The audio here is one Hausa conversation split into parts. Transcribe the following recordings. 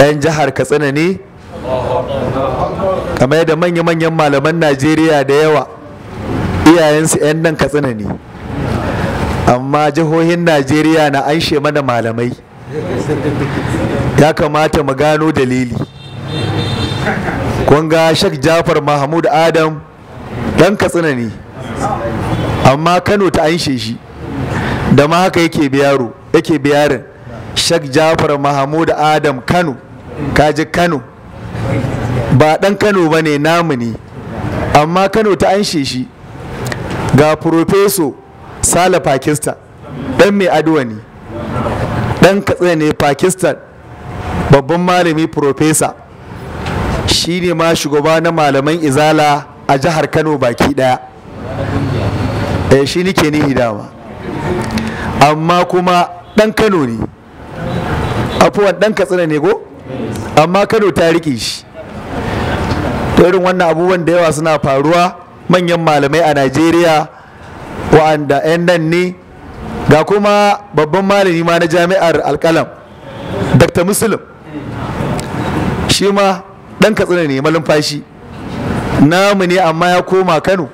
'yan jihar katsina ne kamar yadda manya-manyan malaman najeriya da yawa iyayensu 'yan nan katsina ne amma jihohin najeriya na anshe mana malamai ya kamata mu gano dalili kun ga shak jafar mahmud adam dan katsina ne amma kano ta anshe shi da ma haka yake biyaro yake biyarin Sheikh jafar mahamud adam kano kaji kano ba dan kano ba ne namu ne amma kano ta an shi ga profeso sale pakistan dan mai aduwa ne dan katsina ne pakistan babban malami profesa shi ma shugaba na malaman izala a jihar kano baki daya eh shi nike ni dama amma kuma dan kano ne afuwan ɗan katsina ne go amma kano ta rike shi irin wannan abubuwan da yawa suna faruwa manyan malamai a najeriya wa'anda 'yan nan ne ga kuma babban malami ma na jami'ar alkalam dr muslim shi ma dan katsina ne malumfashi namu ne amma ya koma kano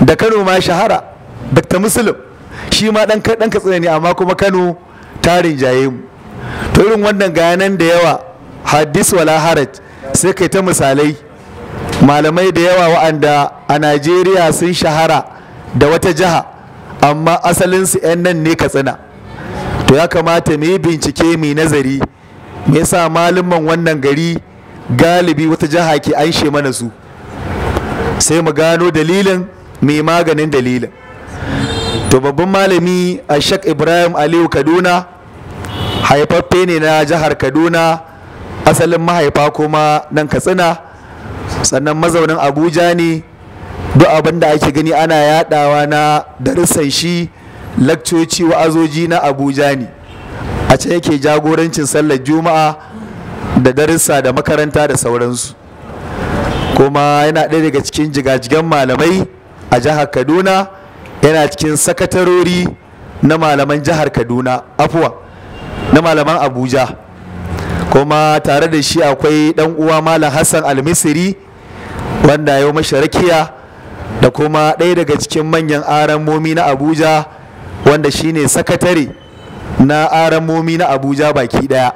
da kano ma shahara dr muslim shi ma dan katsina ne amma kuma kano tarin jayemu to irin wannan gayanan da yawa hadis wala haraj sai kai ta misalai malamai da yawa wa'anda a najeriya sun shahara da wata jiha amma asalinsu 'yan nan ne katsina to ya kamata mu bincike mu nazari me yasa malaman wannan gari galibi wata jiha ke anshe mana su sai mu gano dalilin mai maganin dalilin to babban malami a shak ibrahim aliyu kaduna haifaffe ne na jihar kaduna asalin mahaifa kuma nan katsina sannan mazaunin abuja ne duk abin da ake gani ana yadawa na darussan shi lakcoci wa'azoji na abuja ne a can yake jagorancin sallar juma'a da darussa da makaranta da sauransu kuma yana ɗaya daga cikin jigajigan malamai a jihar kaduna yana cikin sakatarori na malaman jihar kaduna afuwa na malaman abuja kuma tare da shi akwai dan uwa malam hassan almisiri wanda ya yi masharakiya da kuma ɗaya daga cikin manyan aran momi na abuja wanda shine sakatare na aran momi na abuja baki daya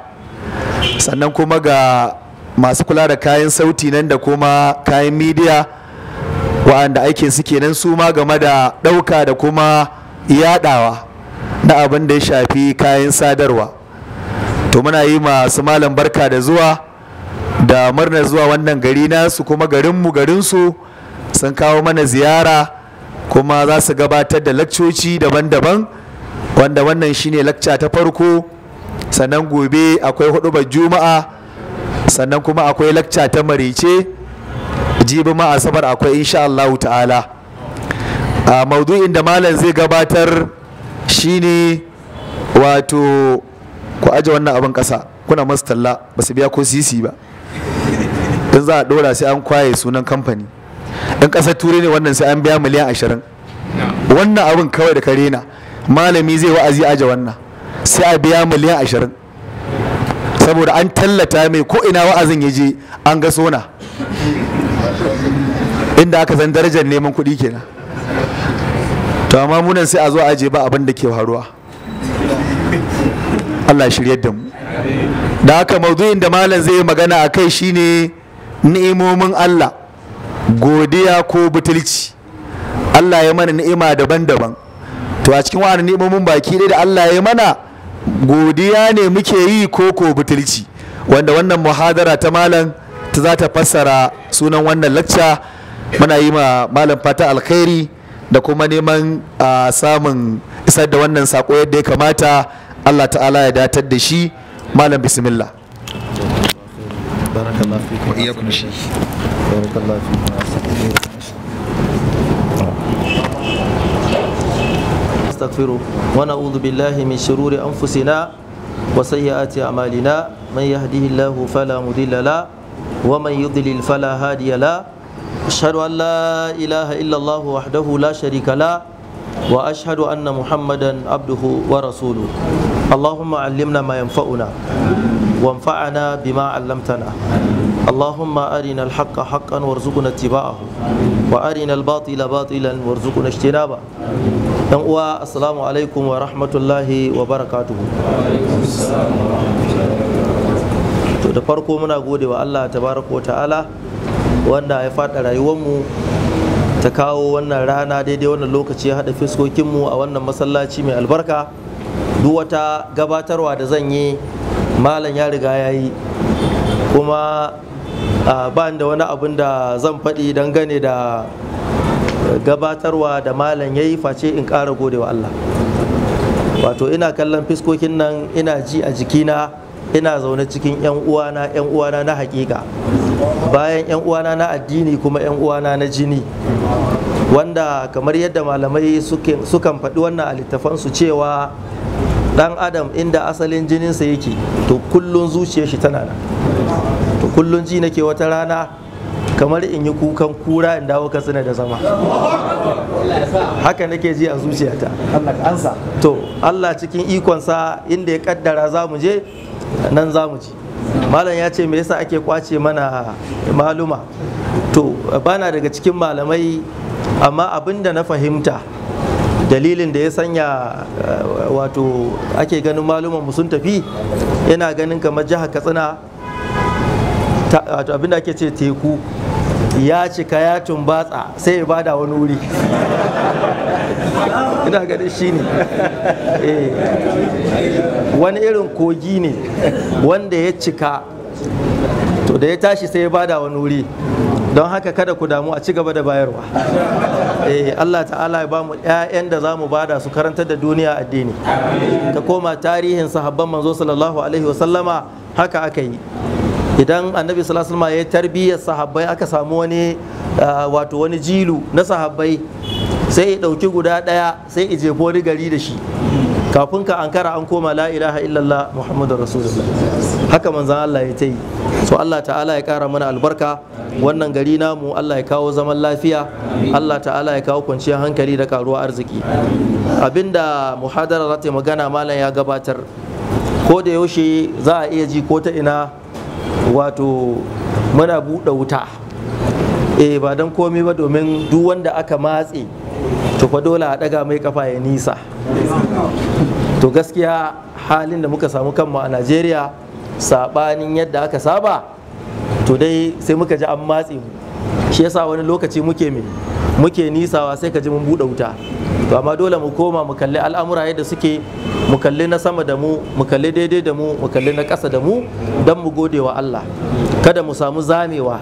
sannan kuma ga masu kula da kayan sauti nan da kuma kayan midiya wa'anda aikin su kenan su ma game da ɗauka da kuma yadawa na abin da ya shafi kayan sadarwa to muna yi masu malam barka da zuwa da murnar zuwa wannan gari nasu kuma garinmu garinsu sun kawo mana ziyara kuma za su gabatar da lakcoci daban-daban wanda wannan shine lakca ta farko sannan gobe akwai hudubar juma'a sannan kuma akwai lakca ta marice jibi ma asabar akwai insha Allah ta'ala a maudu'in da malam zai gabatar shine wato ku aje wannan abin kasa kuna masu talla ba su biya ko sisi ba don za a ɗora sai an kwaye sunan kamfani ɗan ƙasar turai ne wannan sai an biya miliyan ashirin wannan abin kawai da kare na malami zai wa'azi aje wannan sai a biya miliyan ashirin saboda an tallata mai ko ina wa'azin ya je an ga sona inda aka san darajar neman kuɗi kenan to amma munan sai a zo aje ba abin da ke faruwa Allah shirye da mu da haka maudu'in da malam zai magana a kai shine ni'imomin Allah godiya ko butulci Allah ya mana ni'ima daban-daban to a cikin wa'ana ni'imomin baki ɗaya da Allah ya mana godiya ne muke yi ko ko butulci wanda wannan muhadara ta malam ta za ta fassara sunan wannan lacca muna yi ma malam fata alkhairi da kuma neman ah, samun isar da wannan sako yadda ya kamata Allah ta'ala ya datar da shi malam bismillah barakallahu fikum wa iyyakum shi barakallahu fikum نستغفره ونعوذ بالله من شرور أنفسنا وسيئات أعمالنا من يهده الله فلا مضل له ومن يضلل فلا هادي له أشهد أن لا إله إلا الله وحده لا شريك له وأشهد أن محمدا عبده ورسوله اللهم علمنا ما ينفعنا وانفعنا بما علمتنا اللهم ارنا الحق حقا وارزقنا اتباعه وارنا الباطل باطلا وارزقنا اجتنابه ان uwa assalamu alaikum wa rahmatullahi wa barakatuhu to da farko muna gode wa Allah tabaraka wa ta'ala wanda ya faɗa rayuwarmu ta kawo wannan rana daidai wannan lokaci ya haɗa fiskokinmu a wannan masallaci mai albarka duk wata gabatarwa da zan yi malam ya riga ya yi kuma ba da wani abin da zan faɗi dangane da gabatarwa da malam ya yi face in ƙara gode wa Allah wato ina kallon fiskokin nan ina ji a jikina ina zaune cikin 'yan uwana 'yan uwana na hakika bayan 'yan uwana na addini kuma 'yan uwana na jini wanda kamar yadda malamai sukan faɗi wannan a littafansu cewa dan adam inda asalin jininsa yake to kullun zuciyar shi tana nan to kullun ji nake wata rana kamar in yi kukan kura in dawo katsina da zama haka nake ji a zuciyata to Allah cikin ikonsa inda ya kaddara za mu je nan za mu ji malam ya ce me yasa ake kwace mana maluma to bana daga cikin malamai amma abin da na fahimta dalilin da ya sanya eh, wato ake ganin malumanmu sun tafi yana ganin kamar jihar katsina wato abinda ake ce teku ya cika ya tumbatsa sai ya bada wani wuri ina ganin shi ne eh, wani irin kogi ne wanda ya cika to da ya tashi sai ya bada wani wuri don haka kada ku damu a ci da bayarwa eh Allah ta'ala ya bamu ƴaƴan da zamu bada su karantar da duniya addini ta koma tarihin sahabban manzo sallallahu alaihi wasallama haka aka yi idan annabi sallallahu alaihi ya tarbiyyar sahabbai aka samu wani wato wani jilu na sahabbai sai ya ɗauki guda ɗaya sai ya jefo wani gari da shi kafin ka ankara an koma la ilaha illallah muhammadu rasulullah haka manzan Allah ya ta yi so Allah ta'ala ya ƙara mana albarka wannan gari namu Allah ya kawo zaman lafiya Allah ta'ala ya kawo kwanciyar hankali da karuwa arziki abinda muhadarar ta magana malam ya gabatar ko da yaushe za a iya ji ko ta ina wato muna buɗe wuta eh ba don komai ba domin duk wanda aka matse to fa dole a ɗaga mai kafa ya nisa to gaskiya halin da muka samu kanmu a najeriya saɓanin yadda aka saba to dai sai muka ji an matse mu shi yasa wani lokaci muke mai muke nisawa sai ka ji mun buɗe wuta to amma dole mu koma mu kalli al'amura yadda suke mu kalli na sama da mu mu kalli daidai da mu mu kalli na ƙasa da mu don mu gode wa Allah kada mu samu zamewa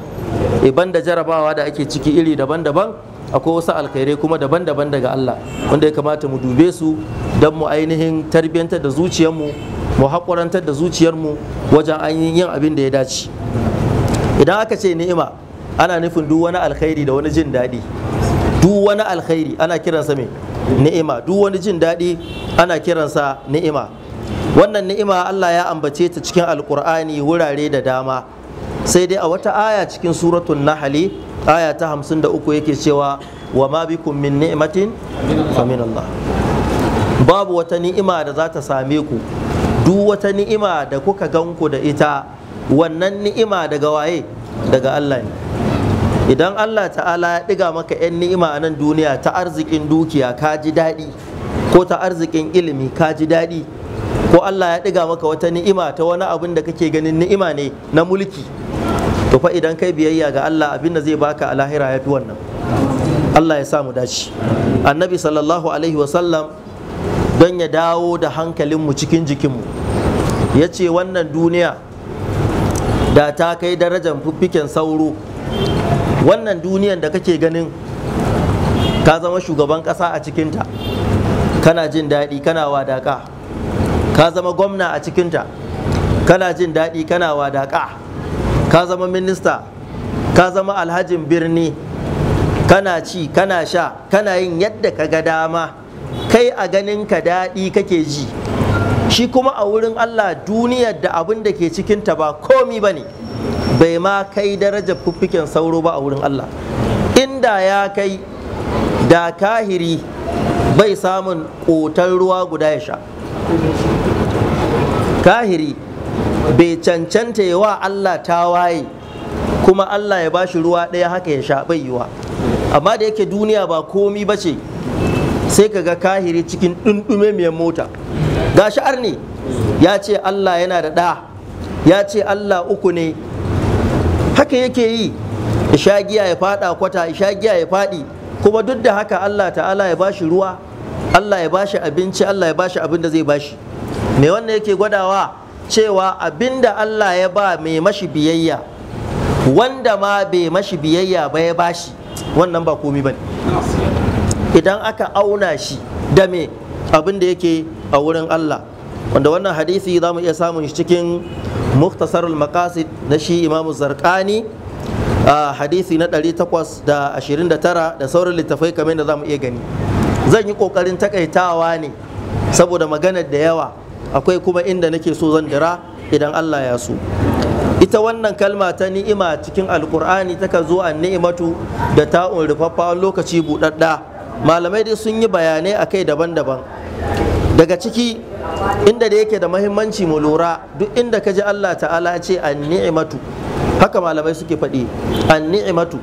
iban eh, da jarabawa da ake ciki iri daban-daban akwai wasu alkhairai kuma daban-daban daga Allah wanda ya kamata mu dube su don mu ainihin tarbiyyantar da zuciyarmu mu haƙurantar da zuciyarmu wajen yin abin da ya dace idan aka ce ni'ima ana nufin duk wani alkhairi da wani jin daɗi duk wani alkhairi ana kiransa mai ni'ima duk wani jin daɗi ana kiransa ni'ima wannan ni'ima Allah ya ambace ta cikin alkur'ani wurare da dama sai dai a wata aya cikin suratun nahali aya ta hamsin da uku yake cewa wa ma bikum min ni'matin fa Allah babu wata ni'ima da za ta same ku duk wata ni'ima da kuka ganku da ita wannan ni'ima daga waye daga Allah ne idan Allah ta'ala ya ɗiga maka 'yan ni'ima a nan duniya ta arzikin dukiya ka ji daɗi ko ta arzikin ilimi ka ji daɗi ko Allah ya ɗiga maka wata ni'ima ta wani abin da kake ganin ni'ima ne na mulki to fa idan kai biyayya ga Allah abin da zai baka a lahira ya fi wannan Allah ya samu dace annabi sallallahu alaihi wasallam don ya dawo da hankalinmu cikin jikinmu ya ce wannan duniya da ta kai darajar fiffiken sauro wannan duniyan da kake ganin ka zama shugaban kasa a cikinta kana jin daɗi kana wadaƙa ka zama gwamna a cikinta kana jin daɗi kana wadaƙa ka zama minista ka zama alhajin birni kana ci kana sha kana yin yadda ka ga dama kai a ganin ka daɗi kake ji shi kuma a wurin Allah duniyar da abin da ke cikin ta ba komi ba ne bai ma kai darajar fuffiken sauro ba a wurin Allah inda ya kai da kahiri bai samun ƙotar ruwa guda ya sha kahiri bai cancanta yawa Allah ta waye kuma Allah ya bashi ruwa ɗaya haka ya sha bai yiwa amma da yake duniya ba komi ba ce sai ka ga kahiri cikin ɗunɗume mota ga sha'ar ne ya ce Allah yana da ɗa ya ce Allah uku ne haka yake yi ishagiya ya fada kwata ishagiya ya faɗi kuma duk da haka Allah ta'ala ya bashi ruwa Allah ya bashi abinci Allah ya bashi abin da zai bashi me wannan yake gwadawa cewa abin da Allah ya ba mai mashi biyayya wanda ma bai mashi biyayya ba ya bashi wannan ba komi ne. idan aka auna shi da me abin da yake a wurin Allah wanda wannan hadisi za mu iya samun shi cikin muktasarul maqasid na shi imamu zarkani a hadisi na 829 da sauran littafai kamar da za mu iya gani zan yi kokarin takaitawa ne saboda maganar da yawa akwai kuma inda nake so zan dira idan Allah ya so ita wannan kalma ta ni'ima cikin alkur'ani taka zo an ni'imatu da ta'un rufaffa lokaci buɗaɗɗa malamai dai sun yi bayanai akai daban-daban daga ciki inda da yake da mahimmanci mu lura duk inda ka ji Allah ta'ala ce an ni'matu haka malamai suke faɗi an ni'matu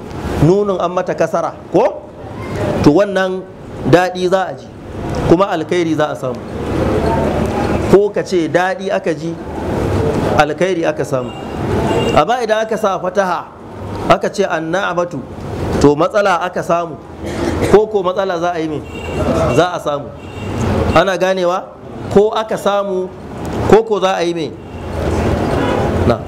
nunun an mata kasara ko to wannan daɗi za a ji kuma alkhairi za a samu ko ka ce daɗi aka ji alkhairi aka samu amma idan aka sa fataha aka ce an na'amatu to matsala aka samu ko ko matsala za a yi min za a samu ana ganewa ko aka samu ko ko za a yi mai na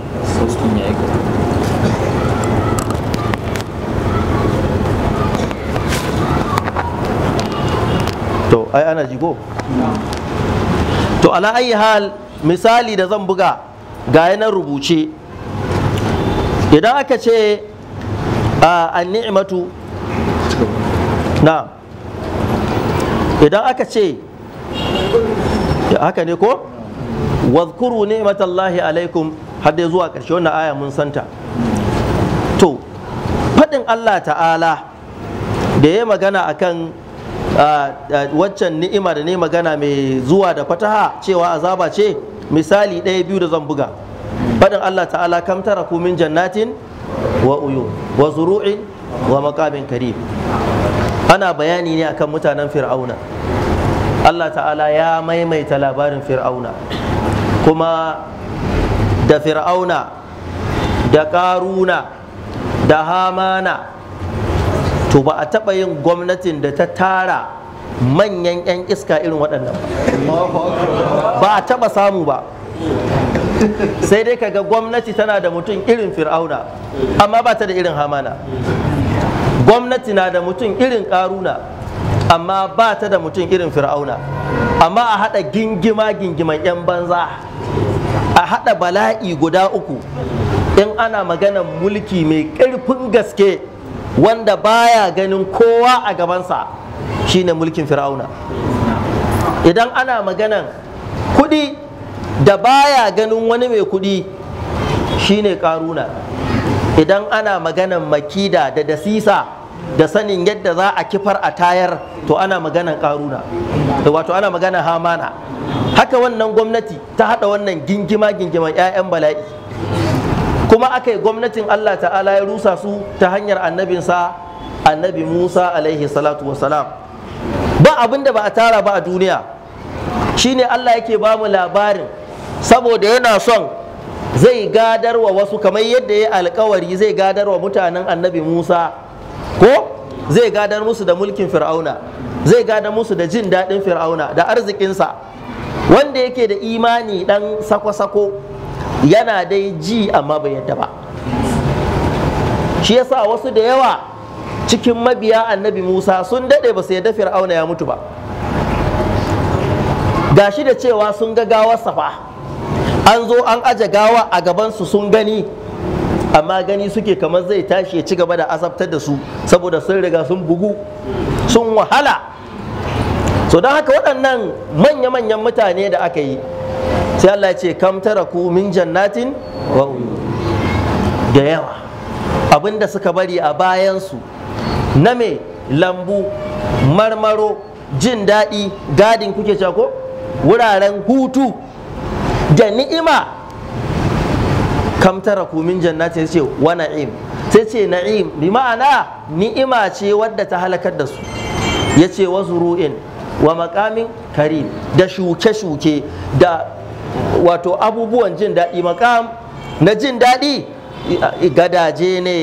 to ai ana jigo to ala ayi hal misali da zan buga ga na rubuce idan aka ce a ni'matu na idan aka ce haka ne ko wadhkuru ni'matallahi alaikum har dai zuwa ƙarshe wannan aya mun santa to faɗin Allah ta'ala da ya magana akan waccan ni'ima da ne magana mai zuwa da fataha cewa azaba ce misali ɗaya biyu da zan buga faɗin Allah ta'ala kam tara min jannatin wa uyu wa zuru'in wa maqamin karim ana bayani ne akan mutanen fir'auna Allah ta'ala ya maimaita labarin fir'auna kuma da fir'auna da ƙaruna da hamana to ba a taɓa yin gwamnatin da ta tara manyan 'yan iska irin waɗannan ba a taɓa samu ba sai dai kaga gwamnati tana da mutum irin fir'auna amma ba ta da irin hamana gwamnati na da mutum irin ƙaruna amma ba ta da mutum irin fir'auna amma a haɗa gingima gingiman 'yan banza a haɗa bala'i guda uku in ana maganar mulki mai ƙarfin gaske wanda baya ganin kowa a gabansa shine mulkin fir'auna idan ana maganan kuɗi da baya ganin wani mai kuɗi shine ƙaruna idan ana maganan makida da dasisa da sanin yadda za a kifar a tayar to ana maganan karuna wato ana magana hamana haka wannan gwamnati ta hada wannan gingima gingima 'ya'yan bala'i kuma aka yi gwamnatin Allah ta'ala ya rusa su ta hanyar annabinsa annabi Musa alaihi salatu wasalam ba abin da ba a tara ba a duniya shine Allah yake ba mu labarin saboda yana son zai gadarwa wasu kamar yadda ya alkawari zai gadarwa mutanen annabi Musa ko zai gadar musu da mulkin fir'auna zai gadar musu da jin daɗin fir'auna da arzikinsa wanda yake da imani ɗan sako-sako yana dai ji amma bai yadda ba shi yasa wasu da yawa cikin mabiya annabi musa sun daɗe ba su yadda fir'auna ya mutu ba Ga shi da cewa sun ga gawarsa fa an zo an aje gawa a gabansu sun gani amma gani suke kamar zai tashi ya ci gaba da azabtar da su saboda sun riga sun bugu sun wahala so don haka waɗannan manya-manyan mutane da aka yi sai Allah ya ce kam ku min jannatin wa da yawa abinda suka bari a bayansu na me lambu marmaro jin daɗi gadin kuke ko? wuraren hutu da ni'ima kam taraku min jannatin ce wa na'im sai ce na'im bi ma'ana ni'ima ce wadda ta halakar da su yace wa zuru'in wa maqamin karim da shuke-shuke da wato abubuwan jin daɗi maqam na jin daɗi gadaje ne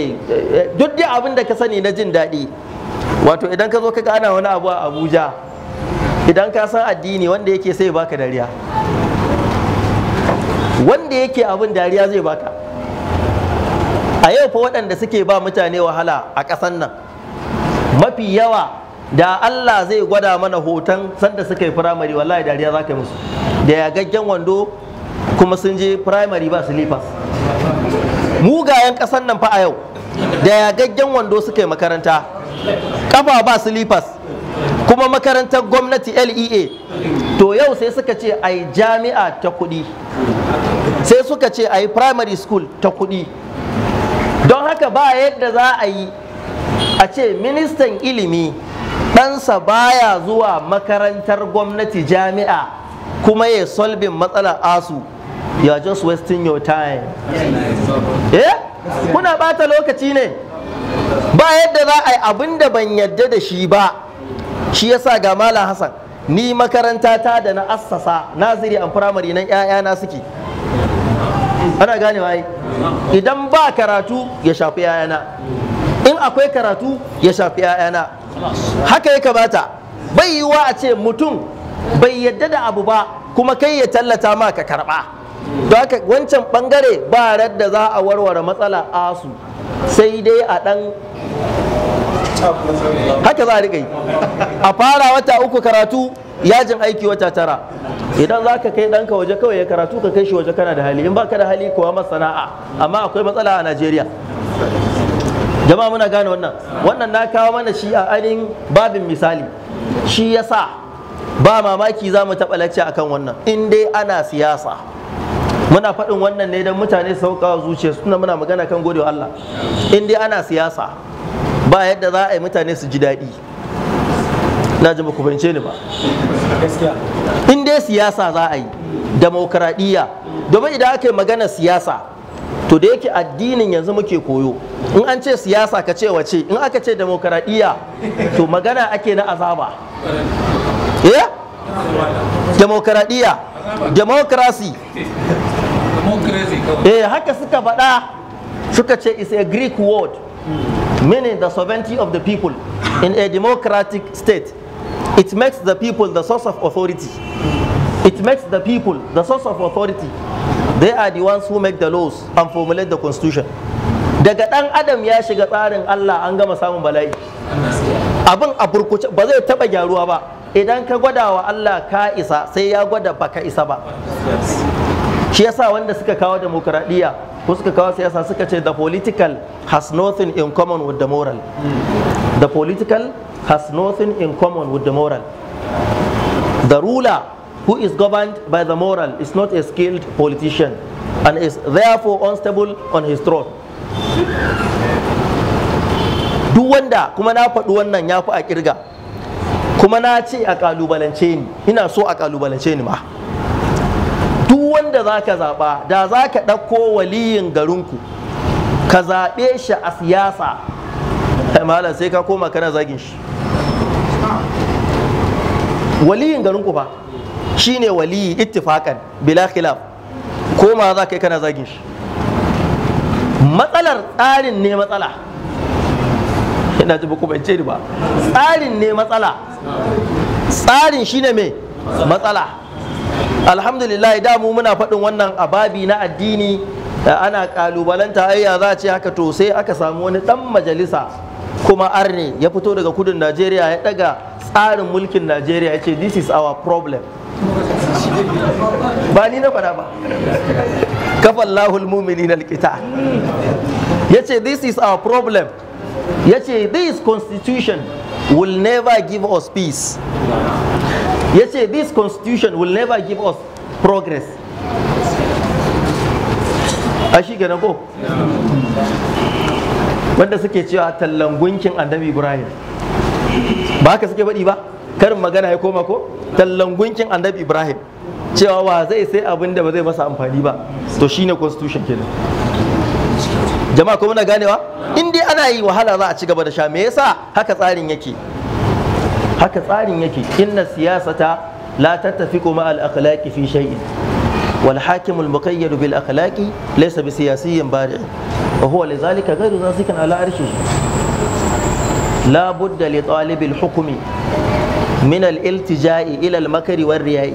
duk dai abin da ka sani na jin daɗi wato idan ka zo ka ana wani abu a abuja idan ka san addini wanda yake sai baka dariya wanda yake abin dariya zai baka a yau fa waɗanda suke ba mutane wahala a ƙasan nan mafi yawa da Allah zai gwada mana hoton sanda suka yi firamare wallahi dariya za ka yi musu da yagaggen wando kuma sun je firamare ba slippers mugayen ƙasan nan fa a yau da yagaggen wando suka yi makaranta kafa ba slippers kuma makarantar gwamnati lea to yau sai suka ce a jami'a ta kuɗi sai suka ce a yi primary school ta kuɗi don haka ba yadda za a yi a ce ministan ilimi ɗansa baya zuwa makarantar gwamnati jami'a kuma ya solbin matsalar asu you are just wasting your time eh? kuna bata lokaci ne ba yadda za a yi abin da ban yadda da shi ba shi yasa ga malam hassan ni makaranta ta da na assasa naziri a firamare nan ‘ya'yana suke ana gane wai idan ba karatu ya shafi na. in akwai karatu ya shafi ‘ya'yana haka ya kamata bai wa a ce mutum bai yadda da abu ba kuma kai ya tallata ma ka karba don haka wancan bangare ba da za a warware matsala asu sai dai a ɗan haka za a riƙa yi a fara wata uku karatu yajin aiki wata tara idan za ka kai ɗanka waje kawai ya karatu ka kai shi waje kana da hali in baka da hali kuwa masana'a amma akwai matsala a najeriya jama'a muna gane wannan wannan na kawo mana shi a ainihin babin misali shi ya sa ba mamaki za mu taɓa lacce akan wannan in dai ana siyasa muna faɗin wannan ne don mutane sauƙawa zuciya suna muna magana kan godewa Allah in dai ana siyasa ba yadda za a yi mutane su ji daɗi na ji ku fahimce ni ba in dai siyasa za a yi demokradiyya domin idan aka yi magana siyasa to da yake addinin yanzu muke koyo in an ce siyasa ka ce wace in aka ce demokradiyya to magana ake na azaba eh demokradiyya democracy eh haka suka faɗa suka ce is a greek word meaning the sovereignty of the people in a democratic state it makes the people the source of authority it makes the people the source of authority they are the ones who make the laws and formulate the constitution daga dan adam ya shiga tsarin Allah an gama samun bala'i abin a burkuce ba zai taba gyaruwa ba idan ka gwada wa Allah ka isa sai ya gwada baka isa ba shi yasa wanda suka kawo demokradiyya ko suka kawo siyasa suka ce the political has nothing in common with the moral the political has nothing in common with the moral the ruler who is governed by the moral is not a skilled politician and is therefore unstable on his throne duk wanda kuma na faɗi wannan ya fi a kirga kuma na ce a ƙalubalance ni ina so a ƙalubalance ni ma duk wanda za ka zaɓa da za ka ɗauko waliyin garinku ka zaɓe shi a siyasa eh, malam sai ka koma kana zagin shi waliyin garinku fa shine waliyi ittifakan bila khilaf koma za ka yi kana zagin shi matsalar tsarin ne matsala ina ji ku bance ni ba tsarin ne matsala tsarin shine me matsala alhamdulillah da mu muna faɗin wannan ababi na addini da ana kalubalanta ayya za a ce haka to sai aka samu wani ɗan majalisa kuma arne ya fito daga kudin najeriya ya ɗaga tsarin mulkin najeriya ya ce this is our problem ba ni na faɗa ba kafan lahul na likita. ya ce this is our problem ya ce this constitution will never give us peace ya ce this constitution will never give us progress a shi kenan ko wanda suke cewa tallan gunkin annabi ibrahim ba haka suke faɗi ba karin magana ya koma ko tallan gunkin annabi ibrahim cewa wa zai sai abin da ba zai masa amfani ba to shine constitution kenan jama'a ko muna ganewa in dai ana yi wahala za a ci gaba da sha me yasa haka tsarin yake haka tsarin yake inna siyasata la tattafiqu ma al akhlaqi fi shay'in wal hakim al muqayyad bil akhlaqi laysa bi siyasiyyin bari' wa huwa lidhalika ghayru zasikan ala arshihi la budda li talib al hukmi min al iltija'i ila al makri war riya'i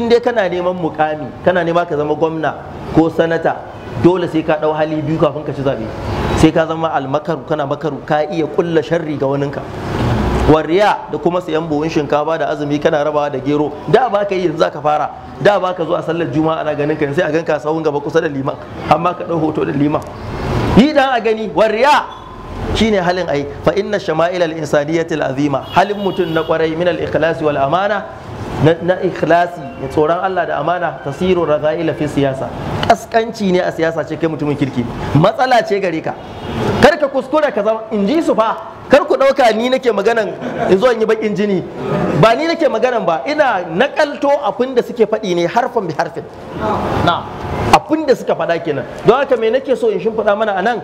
in dai kana neman mukami kana nema ka zama gwamna ko sanata dole sai ka dau hali biyu kafin ka ci zabe sai ka zama almakaru kana makaru ka iya kulla sharri ga waninka wariya da kuma sayan buhun shinkafa da azumi kana rabawa da gero da ba ka yi yanzu zaka fara da ba ka zo a sallar juma'a ana ganin ka sai a ganka sawun gaba kusa da liman amma ka ɗau hoto da liman yi dan a gani wariya shine halin ai fa inna Shama'ilal al azima halin mutum na kwarai min al-ikhlasi wal amana na ikhlasi ya tsoron Allah da amana tasiru raza'ila fi siyasa kaskanci ne a siyasa ce kai mutumin kirki matsala ce gare ka kar ka kuskura ka zama in ji su fa kar ku dauka ni nake maganan in zo in yi bakin jini ba ni nake maganan ba ina nakalto abin da suke faɗi ne harfin bi harfin na abin da suka faɗa kenan don haka me nake so in shimfiɗa mana anan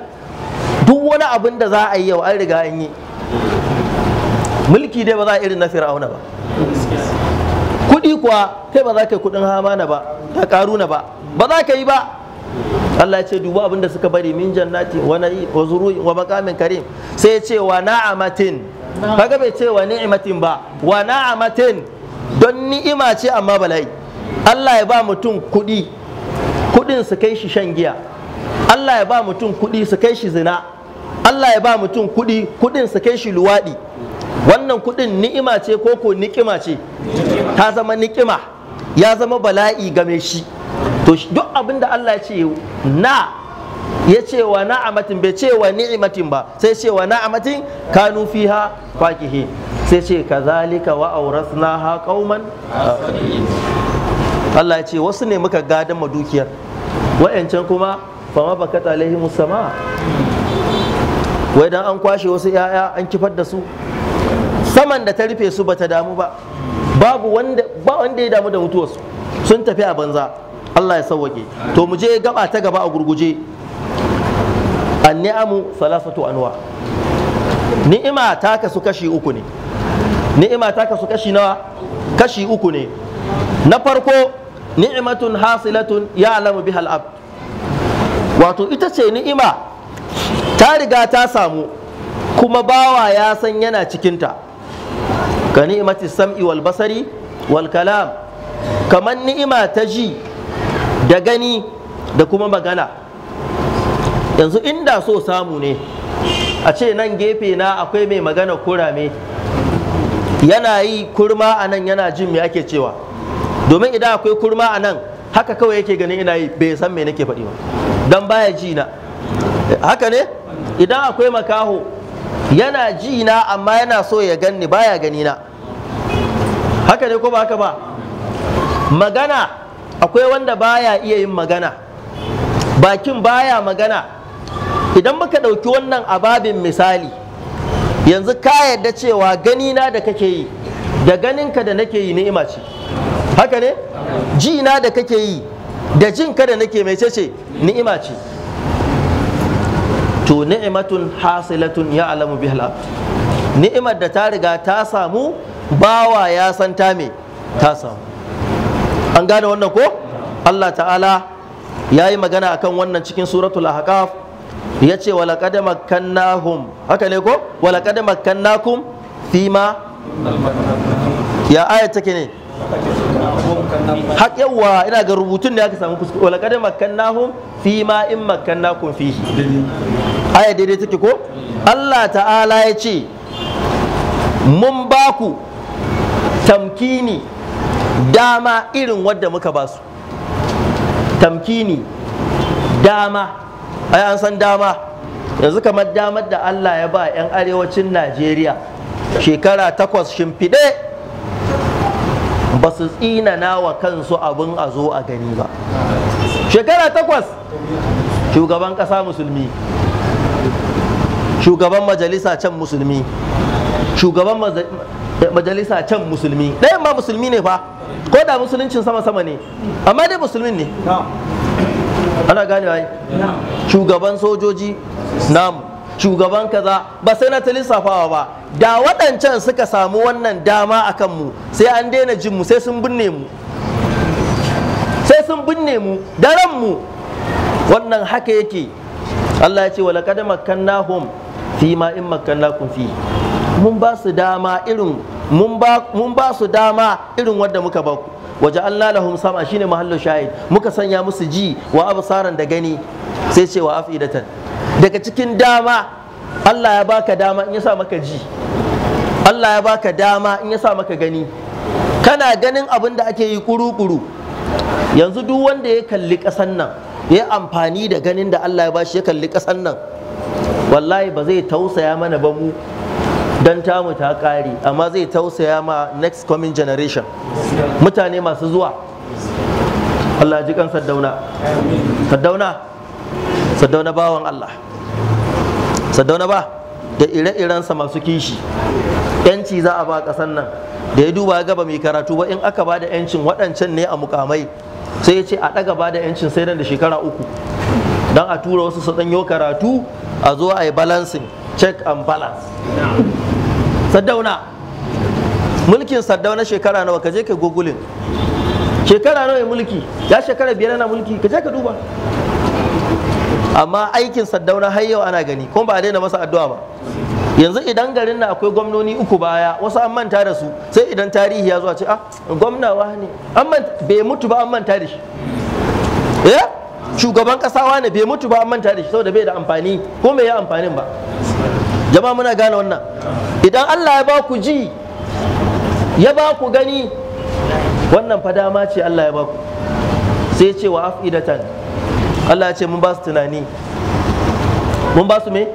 duk wani abin da za a yi yau an riga an yi mulki dai ba za a irin na fir'auna ba kuɗi kuwa kai ba za ka yi kuɗin na ba ka na ba ba za ka yi ba Allah ya ce duba abin da suka bari min jannati wa na'i wa zuru'i wa maqamin karim sai ya ce wa na'amatin kaga bai ce wa ni'matin ba wa na'amatin don ni'ima ce amma bala'i Allah ya ba mutum kuɗi kuɗin su kai shi shan giya Allah ya ba mutum kuɗi su kai shi zina Allah ya ba mutum kuɗi kuɗin su kai shi luwaɗi wannan kuɗin ni'ima ce ko ko ni'ima ce ta zama nikima, ya zama bala'i game shi to duk abin da Allah ya ce na ya ce wa na'amatin bai ce wa ni'imatin ba sai ce wa na'amatin kanu fiha faqihi sai ce kazalika wa aurasnaha qauman Allah ya ce wasu ne muka gadan ma dukiyar wa'yancan kuma ma bakata alaihi sama wai dan an kwashe wasu 'ya'ya an kifar da su saman da ta rufe su bata damu ba babu wanda ba wanda ya damu da mutuwarsu sun tafi a banza Allah ya sauwake to mu je gaba ta gaba a gurguje an-ni'amu salasatu anwa ni'ima ta kasu kashi uku ne ni'ima ta kasu kashi nawa kashi uku ne na farko ni'imatun hasilatun ya'lamu biha al ab. wato ita ce ni'ima ta riga ta samu kuma bawa ya san yana cikinta ka ni'imati sam'i wal basari wal kalam kamar ni'ima ta ji da gani da kuma magana yanzu inda so samu ne a ce nan gefe na akwai mai magana kurame yana yi kurma a nan yana jin me ake cewa domin idan akwai kurma a nan haka kawai yake ganin ina yi bai san me nake faɗi ba don baya ji na haka ne idan akwai makaho yana ji na amma yana so ya ganni baya gani na haka ne ko ba haka ba magana akwai wanda baya iya yin magana bakin baya magana idan muka ɗauki wannan ababin misali yanzu ka yadda cewa gani na da kake yi da ganinka da nake yi ni'ima ce haka ne ji na da kake yi da jinka da nake mai ce ni'ima ce to ni'matun hasilatun ya bihal abd ni'imar da ta riga ta samu bawa ya san ta me ta samu an gane wannan ko Allah ta'ala ya yi magana akan wannan cikin suratul ahqaf ya ce walaƙad makkannahum haka ne ko walaƙad makkannakum fima ya aya take ne hak yawa ina ga rubutun da aka samu kuskure wala kadai makkannahum fi ma in makkannakum fihi aya daidai take ko Allah ta'ala ya ce mun ba ku tamkini dama irin wadda muka ba su tamkini dama ai an san dama yanzu kamar damar da Allah ya ba 'yan arewacin Najeriya shekara takwas shimfiɗe ba su tsinana wa kansu abin a zo a gani ba shekara takwas shugaban ƙasa musulmi shugaban majalisa can musulmi shugaban majalisa can musulmi ɗayan ba musulmi ne fa ko da musuluncin sama-sama ne amma dai musulmin ne ana gane ai shugaban sojoji namu shugaban kaza ba sai na ta lissafawa ba da waɗancan suka samu wannan dama a kanmu sai an daina jin mu sai sun binne mu sai sun binne mu daren mu wannan haka yake Allah ya ce wa laqad makkannahum fi ma in makkannakum fi mun ba su dama irin mun ba mun ba su dama irin wanda muka ba ku waje Allah lahum sam'a shine mahallu shahid muka sanya musu ji wa absaran da gani sai ce wa afidatan daga cikin dama Allah ya baka dama in ya sa maka ji Allah ya baka dama in ya sa maka gani kana ganin abin da ake yi kuru-kuru yanzu duk wanda ya kalli ƙasan nan ya amfani da ganin da Allah ya bashi ya kalli ƙasan nan wallahi ba zai tausaya mana ba mu don tamu ta ƙare amma zai tausaya ma next coming generation mutane masu zuwa Allah ji kan saddauna saddauna saddauna bawan Allah sadauna ba da ire-irensa masu kishi yanci za a ba ƙasar nan da ya duba gaba mai karatu ba in aka ba da yancin waɗancan ne a mukamai sai ya ce a ɗaga ba da yancin sai nan da shekara uku don a tura wasu su ɗanyo karatu a zo a yi balancing check and balance sadauna mulkin saddauna shekara nawa ka je ka gogulin shekara nawa ya mulki ya shekara biyar yana mulki ka je ka duba amma aikin saddauna har yau ana gani kuma ba a daina masa addu'a ba yanzu idan garin na akwai gwamnoni uku baya wasu an manta da su sai idan tarihi ya zuwa ce ah gwamnawa ne bai mutu ba an manta da shi eh shugaban kasawa ne bai mutu ba an manta da shi saboda bai da amfani ko me ya amfanin ba jama'a muna gane wannan idan Allah ya ba ku ji ya ba ku gani wannan fa dama ce Allah ya ba ku sai ce wa afidatan Allah ya ce mun ba su tunani mun ba su me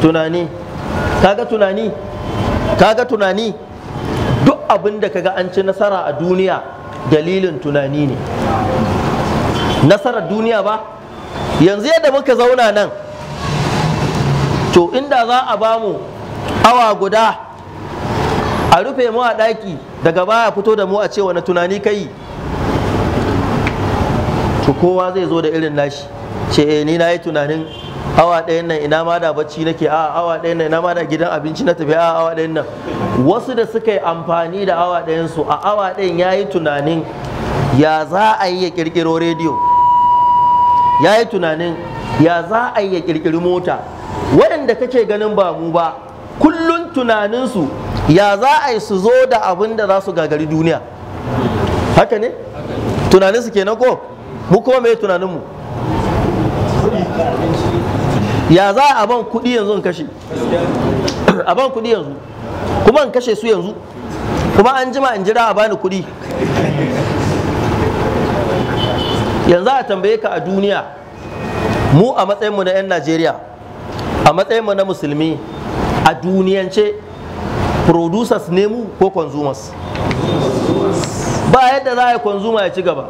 tunani kaga tunani kaga tunani duk abin da kaga an ci nasara a duniya dalilin tunani ne nasarar duniya ba yanzu yadda muka zauna nan to inda za a ba mu awa guda a rufe mu a daki daga baya fito da mu a ce wani tunani kai to kowa zai zo da irin nashi ce eh ni na yi tunanin awa ɗayan nan ina ma da bacci nake a awa ɗayan nan ina ma da gidan abinci na tafi a awa ɗayan nan wasu da suka yi amfani da awa ɗayan su a awa ɗayan ya yi tunanin ya za a yi ya ƙirƙiro rediyo ya yi tunanin ya za a yi ya ƙirƙiri mota waɗanda kake ganin ba mu ba kullun su ya za a yi su zo da abin da za su gagari duniya haka ne Tunanin ke kenan ko mu kuma mai tunaninmu ya za a ban kuɗi yanzu in kashe a ban kuɗi yanzu kuma in kashe su yanzu kuma an jima in jira a bani kuɗi yanzu a tambaye ka a duniya mu a matsayinmu na 'yan najeriya a matsayinmu na musulmi a duniyance producers ne mu ko consumers ba yadda za a yi consumer ya ci gaba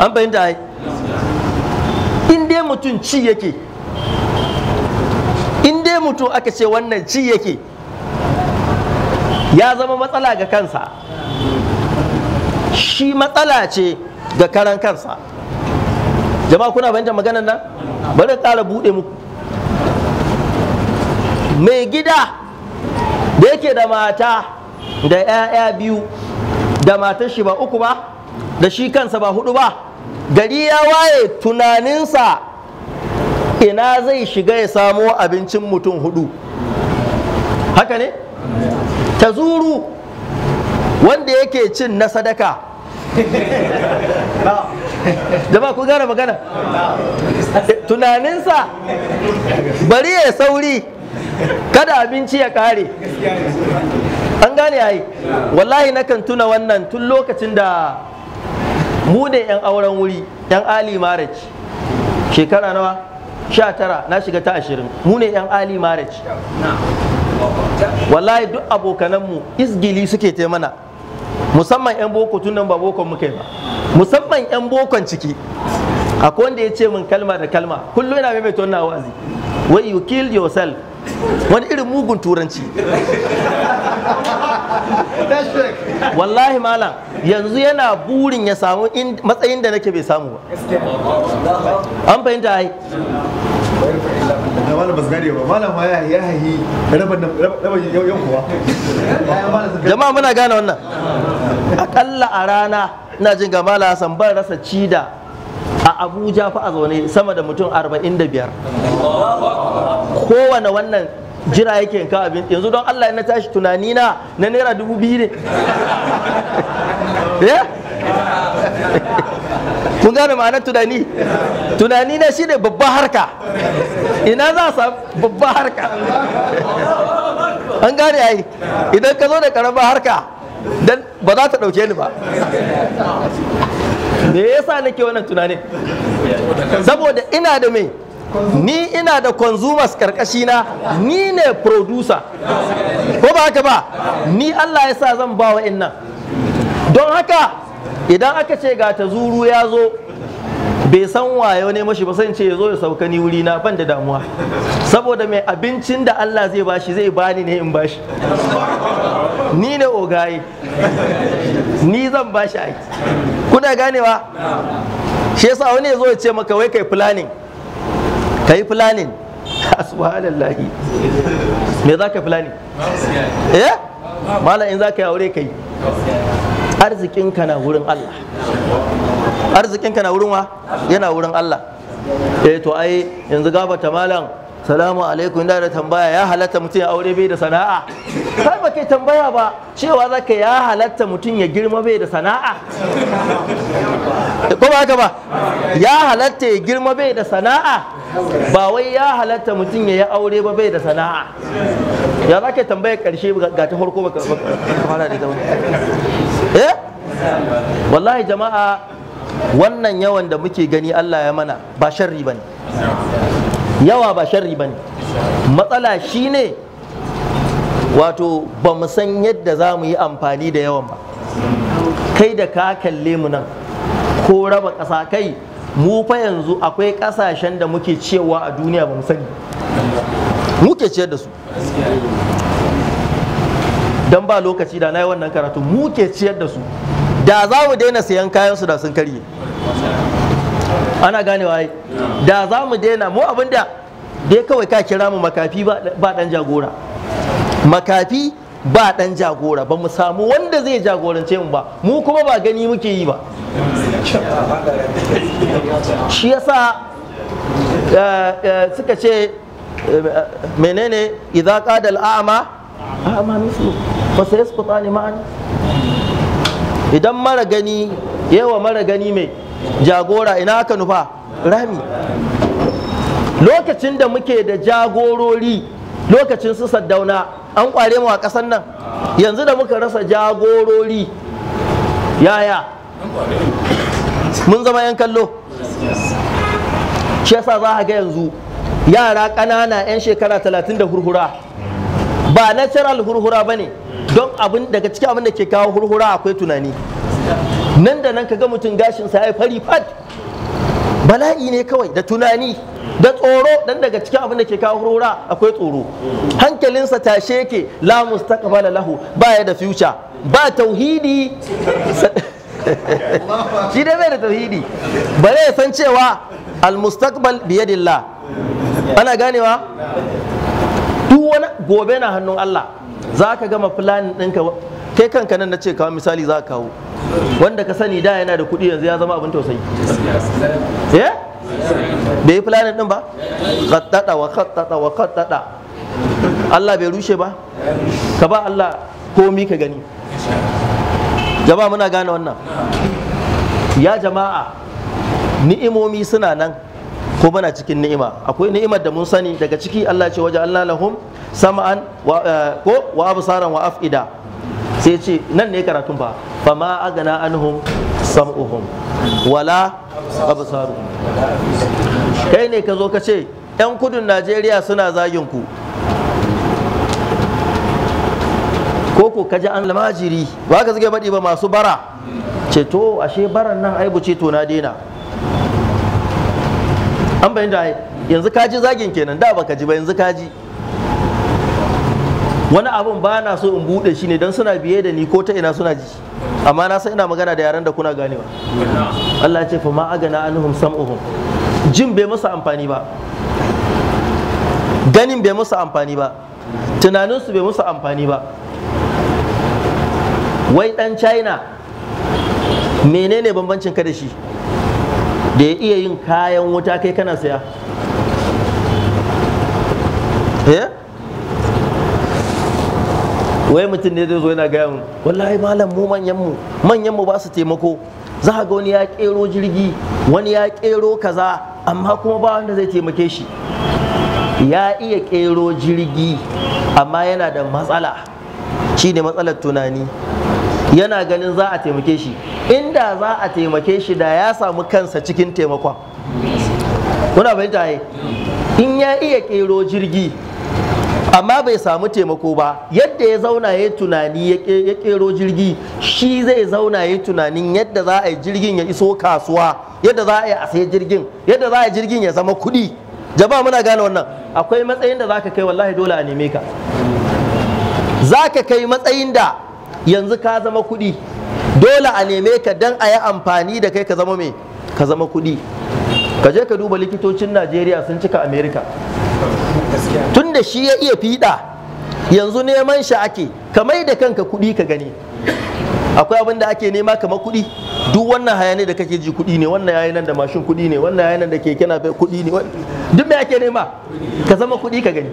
an fahimta ai in dai mutum ci yake in dai mutum aka ce wannan ci yake ya zama matsala ga kansa shi matsala ce ga karan kansa jama'a kuna fahimta maganar nan bari ƙara buɗe muku mai gida da yake da mata da 'ya'ya biyu da matar shi ba uku ba da shi kansa ba hudu ba gari ya waye tunaninsa ina zai shiga ya samo abincin mutum hudu haka ne ta zuru wanda yake cin na sadaka jama ku gane magana tunaninsa bari ya sauri kada abinci ya kare an gane yayi wallahi nakan tuna wannan tun lokacin da mu ne yan auren wuri yan ali Marich shekara nawa sha tara na shiga ta ashirin mu ne yan ali Marich wallahi duk abokananmu isgili suke te mana musamman yan boko tun nan ba bokon muka ba musamman yan bokon ciki akwai wanda ya ce min kalma da kalma kullum yana mai wannan wazi wai you kill yourself wani irin mugun turanci wallahi malam yanzu yana burin ya samu matsayin da nake bai samu ba an fahimta ai jama'a muna gane wannan akalla a rana na jin ga malam Hassan ban rasa cida a abuja fa a zaune sama da mutum 45 kowane wannan jira yake ka abin yanzu don Allah na tashi tunani na na naira dubu biyu ne eh? kun gane ma'anar tunani tunani na shine babban harka ina za a samu babban harka an gane ai idan ka zo da karamar harka dan ba za ta ɗauke ni ba me yasa nake wannan tunanin saboda ina da mai ni ina da consumers karkashina ni ne producer ko ba haka ba ni Allah ya sa zan ba wa nan don haka idan aka ce ga ta zuru ya zo bai san wayo ne mashi ba sai ce ya zo ya sauka ni wuri na ban da damuwa saboda mai abincin da Allah zai bashi zai bani ne in bashi ni ne ogaye ni zan bashi aiki kuna ganewa shi yasa wani ya zo ya ce maka wai kai planning ka yi planning subhanallahi me za ka planning eh malam in za ka yi aure ka arzikinka na wurin Allah arzikinka na wurin wa yana wurin Allah eh to ai yanzu gabata malam salamu alaikum ina da tambaya ya halatta mutum ya aure bai da sana'a kai ba kai tambaya ba cewa zaka ya halatta mutum ya girma bai da sana'a ko ba haka ba ya halatta ya girma bai da sana'a ba wai ya halatta mutum ya yi aure ba bai da sana'a ya zaka tambaya karshe ga ta farko ba ka fara da ita eh wallahi jama'a wannan yawan da muke gani Allah ya mana ba sharri bane yawa ba sharri ba ne matsala shi ne wato ba mu san yadda za mu yi amfani da yawan ba kai da ka kalle mu nan ko raba ƙasa kai mu fa yanzu akwai ƙasashen da muke cewa a duniya ba mu sani muke ciyar da su don ba lokaci da na yi wannan karatu muke ciyar da su da za mu daina sayan kayan su da sun karye ana gane waye da za mu daina mu abinda Da kawai ka kira mu makafi ba dan jagora makafi ba dan jagora ba mu samu wanda zai jagorance mu ba mu kuma ba gani muke yi ba shi yasa eh, eh, suka ce eh, menene idza qada al'ama a'ma mislu fa sayasqutani ma'an idan mara gani yawa mara gani mai jagora ina ka nufa rami lokacin da muke da jagorori lokacin su saddauna an kware mu a ƙasar nan yanzu da muka rasa jagorori yaya mun zama yan kallo shi yasa za a ga yanzu yara ƙanana 'yan shekara talatin da hurhura ba natural hurhura ba ne don abin daga cikin abin da ke kawo hurhura akwai tunani nan da nan ka ga mutum gashinsa ya fari fat bala'i ne kawai da tunani da tsoro dan daga cikin abin da ke kawo hurura akwai tsoro hankalinsa tashe yake la mustaqbala lahu ya da future ba tauhidi shi dai bai da tauhidi bare ya san cewa al mustaqbal bi yadillah ana ganewa duk wani gobe na hannun Allah za ka gama planning ɗinka kai kanka nan na ce kawo misali za kawo wanda ka sani da yana da kuɗi yanzu ya zama abin tausayi eh bai yi planet din ba qattata wa qattata wa qattata Allah bai rushe ba ka ba Allah komi ka gani jama'a muna gane wannan ya jama'a ni'imomi suna nan ko muna cikin ni'ima akwai ni'imar da mun sani daga ciki Allah ce waje Allah lahum sama'an eh, ko wa absaran wa af'ida sai ce nan ne karatun ba ba ma agana anhum sam'uhum wala absaru kai ne ka zo ka ce yan kudun Najeriya suna zagin ku ko ku kaji an lamajiri ba ka zage baɗi ba masu bara ce to ashe baran nan aibu ce to na daina an da yanzu kaji zagin kenan da baka ji ba yanzu kaji wani abun ba na so in bude shi ne don suna biye da ni ko ta ina suna ji amma na san ina magana da yaran da kuna ganewa Allah ya ce fa ma agana anhum sam'uhum jin bai musu amfani ba ganin bai musu amfani ba tunaninsu bai musu amfani ba wai dan china menene bambancin ka da shi da ya iya yin kayan wuta kai kana saya eh wai mutum ne zai zo yana gaya mu wallahi malam mu manyan mu manyan mu ba su taimako za ka ga wani ya kero jirgi wani ya kero kaza amma kuma ba wanda zai taimake shi ya iya kero jirgi amma yana da matsala shi ne matsalar tunani yana ganin za a taimake shi inda za a taimake shi da ya samu kansa cikin taimakon muna fahimta in ya iya kero jirgi amma bai samu taimako ba yadda ya zauna ya tunani ya kero jirgi shi zai zauna ya tunanin yadda za a yi jirgin ya iso kasuwa yadda za a yi a sai jirgin yadda za a yi jirgin ya zama kuɗi jama'a muna gane wannan akwai matsayin da zaka kai wallahi dole a neme ka zaka kai matsayin da yanzu ka zama kuɗi dole a neme ka dan a yi amfani da kai ka zama me ka zama kuɗi ka je ka duba likitocin najeriya sun cika america tun da shi ya iya fiɗa yanzu neman shi ake kamar da kanka kuɗi ka gani akwai abin da ake nema kamar kuɗi duk wannan hayanai da kake ji kuɗi ne wannan yayi nan da mashin kuɗi ne wannan yayi nan da keke na kuɗi ne duk me ake nema ka zama kuɗi ka gani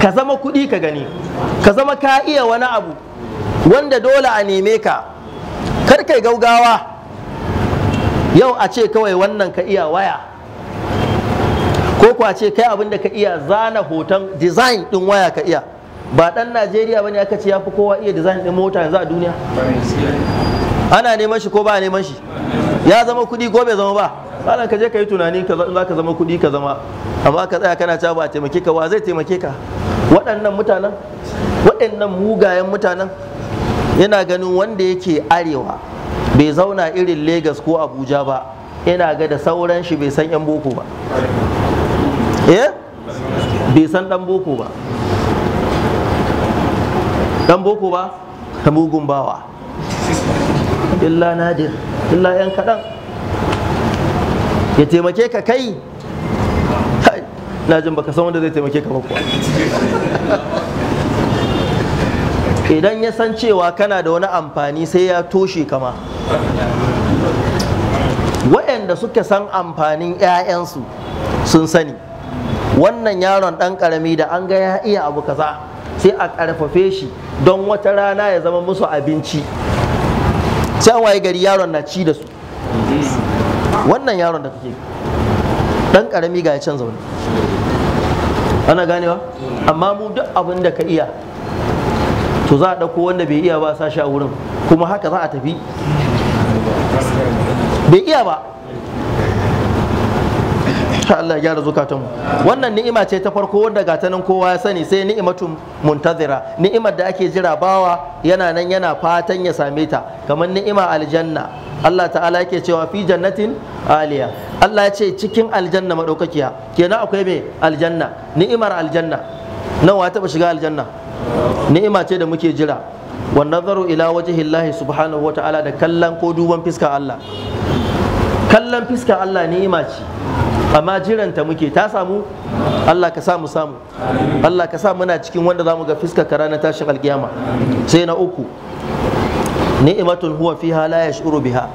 ka zama kuɗi ka gani ka zama ka iya wani abu wanda dole a neme ka kar kai gaugawa yau a ce kawai wannan ka iya waya ko kuwa ce kai abin da ka iya zana hoton design din waya ka iya ba dan Najeriya bane aka ce ya fi kowa iya design din mota yanzu a duniya ana neman shi ko ba neman shi ya zama kuɗi ko bai zama ba malam ka je ka yi tunani za ka zama kuɗi ka zama amma ka tsaya kana cewa ba taimake ka wa zai taimake ka waɗannan mutanen waɗannan mugayen mutanen yana ganin wanda yake arewa bai zauna irin Legas ko Abuja ba yana ga da sauran shi bai san 'yan boko ba eh bai san dan boko ba dan boko ba ta mugun bawa illa nadir illa yan kaɗan ya taimake ka kai na jin baka san wanda zai taimake ka kuwa idan ya san cewa kana da wani amfani sai ya toshe kama waɗanda suka san amfanin 'ya'yansu sun sani wannan yaron ɗan ƙarami da an ga ya iya abu kaza sai a ƙarfafe shi don wata rana ya zama musu abinci sai an waye gari yaron na ci da su wannan yaron da kake ɗan ƙarami ga ya can zaune ana ganewa amma mu duk abin da ka iya to za a ɗauko wanda bai iya ba sashi a wurin kuma haka za a tafi bai iya ba Allah ya gyara mu wannan ni'ima ce ta farko wanda ga ta nan kowa ya sani sai ni'imatun muntazira ni'imar da ake jira bawa yana nan yana fatan ya same ta kamar ni'ima aljanna Allah ta'ala yake cewa fi jannatin aliya Allah ya ce cikin aljanna madaukakiya kenan akwai mai aljanna ni'imar aljanna nawa taɓa shiga aljanna ni'ima ce da muke jira wa nazaru ila wajhillahi subhanahu wataala da kallon ko duban fiska Allah kallon fiska Allah ni'ima ce amma jiranta muke ta samu Allah ka samu samu Allah ka sa muna cikin wanda zamu ga fiskar karana ranar tashin alkiyama sai na uku ni'imatun huwa fiha la yash'uru biha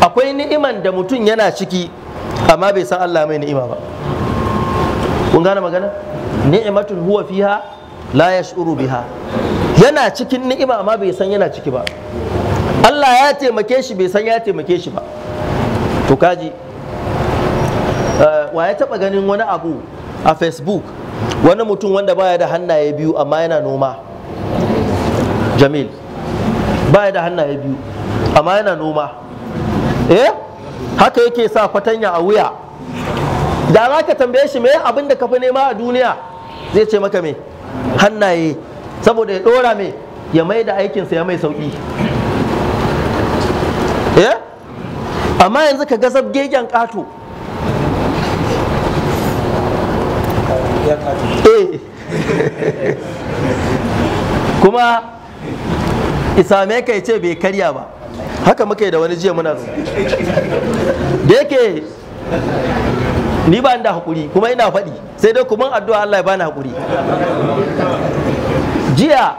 akwai ni'iman da mutum yana ciki amma bai san Allah mai ni'ima ba kun gane magana ni'imatun huwa fiha la yash'uru biha yana cikin ni'ima amma bai san yana ciki ba Allah ya taimake shi bai san ya taimake shi ba to kaji wa ya taba ganin wani abu a facebook wani mutum wanda baya da hannaye biyu amma yana noma jamil baya da hannaye biyu amma yana noma eh haka yake sa fatanya a wuya da za ka tambaye shi me abin da ka fi nema a duniya zai ce maka me hannaye saboda ya dora me ya mai da aikinsa ya mai sauki eh amma yanzu ka ga zabgegen ƙato Eh. kuma isame ka ce bai karya ba haka muka yi da wani jiya muna da yake ni ba da haƙuri kuma ina faɗi sai dai kuma addu'a Allah ya bani haƙuri jiya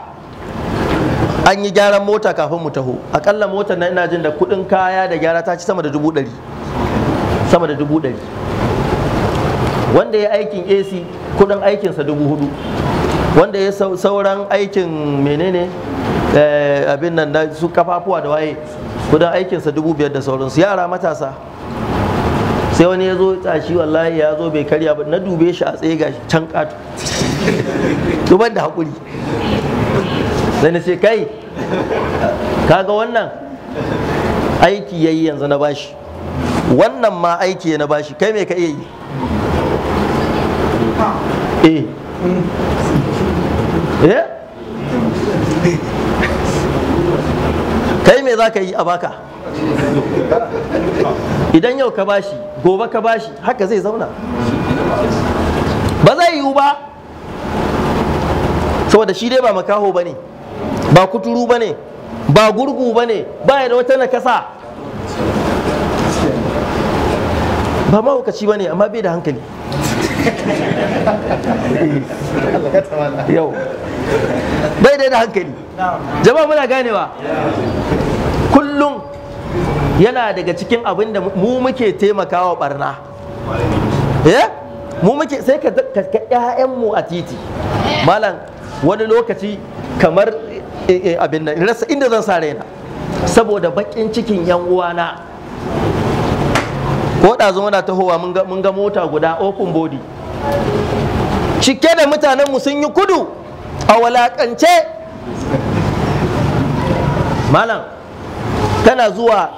an yi gyaran mota kafin mu taho akalla motar na ina jin da kuɗin kaya da gyara ta ci sama da dubu ɗari sama da dubu ɗari wanda ya aikin ac kudin aikinsa dubu hudu wanda ya sauran aikin menene eh, abin nan su kafafuwa da waye kudin aikinsa dubu biyar da sauransu yara matasa sai wani ya zo tashi ah, wallahi ya zo bai karya ba na dube shi a tsaye gashi can katu duban da haƙuri sai na ce kai kaga wannan aiki yayi yanzu na bashi wannan ma aiki na bashi kai me ka iya yi Eh. eh kai me za ka yi a baka idan yau ka bashi gobe ka bashi haka zai zauna ba zai yiwu ba saboda shi dai ba makaho ba ne ba kuturu ba ne ba gurgu ba ne ba ya da wata nakasa ba mahaukaci ba ne amma bai da hankali yau dai da hankali jama'a muna ganewa kullum yana daga cikin abin da mu muke taimakawa barna eh? mu muke sai ka mu a titi malam wani lokaci kamar eh, eh, abin nan rasa inda zan sa raina saboda bakin cikin yan uwana ko ɗazu muna tahowa mun ga mota guda open body cike da mutanen mu sun yi kudu a walakance malam tana zuwa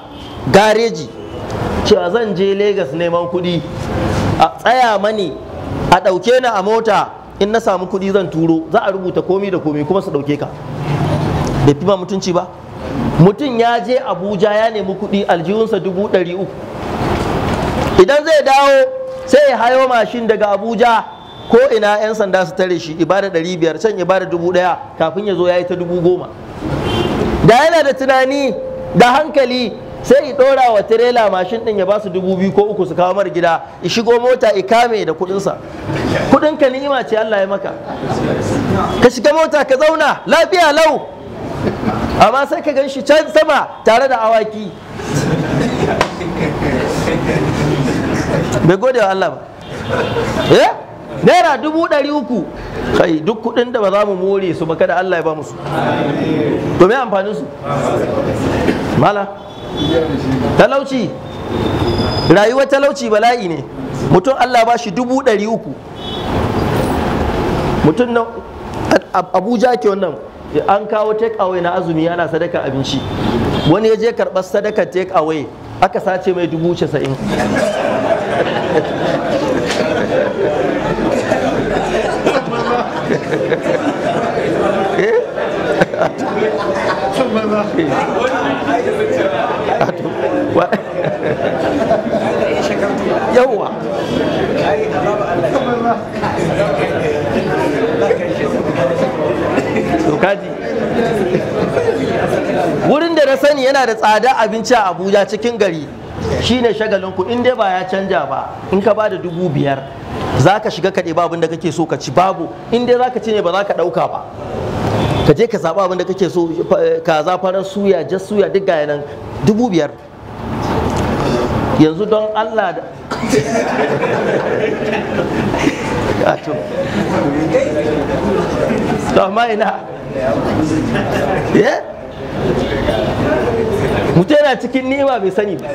gareji cewa zan je Legas neman kuɗi a tsaya mani a ɗauke ni a mota in na samu kuɗi zan turo za a rubuta komi da komi kuma su ɗauke ka bai fi ba mutunci ba mutum ya je abuja ya nemi kuɗi aljihunsa dubu ɗari uku idan zai dawo sai ya hayo mashin daga abuja ko ina 'yan sanda su tare shi ibada 500 can ibada 1000 kafin ya zo ya yi ta 10,000 da yana da tunani da hankali sai ya dora wa tirela mashin ɗin ya ba su dubu biyu ko uku su kawo mara gida i shigo mota ya kame da kuɗinsa ka ni'ima ce Allah ya maka ka shiga mota ka zauna lafiya lau amma sai ka gan shi can sama tare da awaki bai gode wa Allah ba eh naira dubu ɗari uku kai duk kuɗin da ba za mu more su ba kada Allah ya ba musu to me amfanin su mala talauci rayuwar talauci bala'i ne mutum Allah ba shi dubu ɗari uku mutum na abuja ke wannan an kawo take away na azumi yana sadaka abinci wani ya je karɓar sadaka take away aka sace mai dubu casa'in wurin da na sani yana da tsada abinci a abuja cikin gari shine shagalin ku in dai ba ya canja ba in ka ba da dubu biyar za ka shiga kaɗe ba abin da kake so ka ci babu in dai za ka ci ne ba za ka ɗauka ba ka je ka zaɓa abin da kake so kaza farar suya jas suya duk ga nan dubu biyar yanzu don Allah da ina eh? mutum yana cikin ni'ima bai sani ba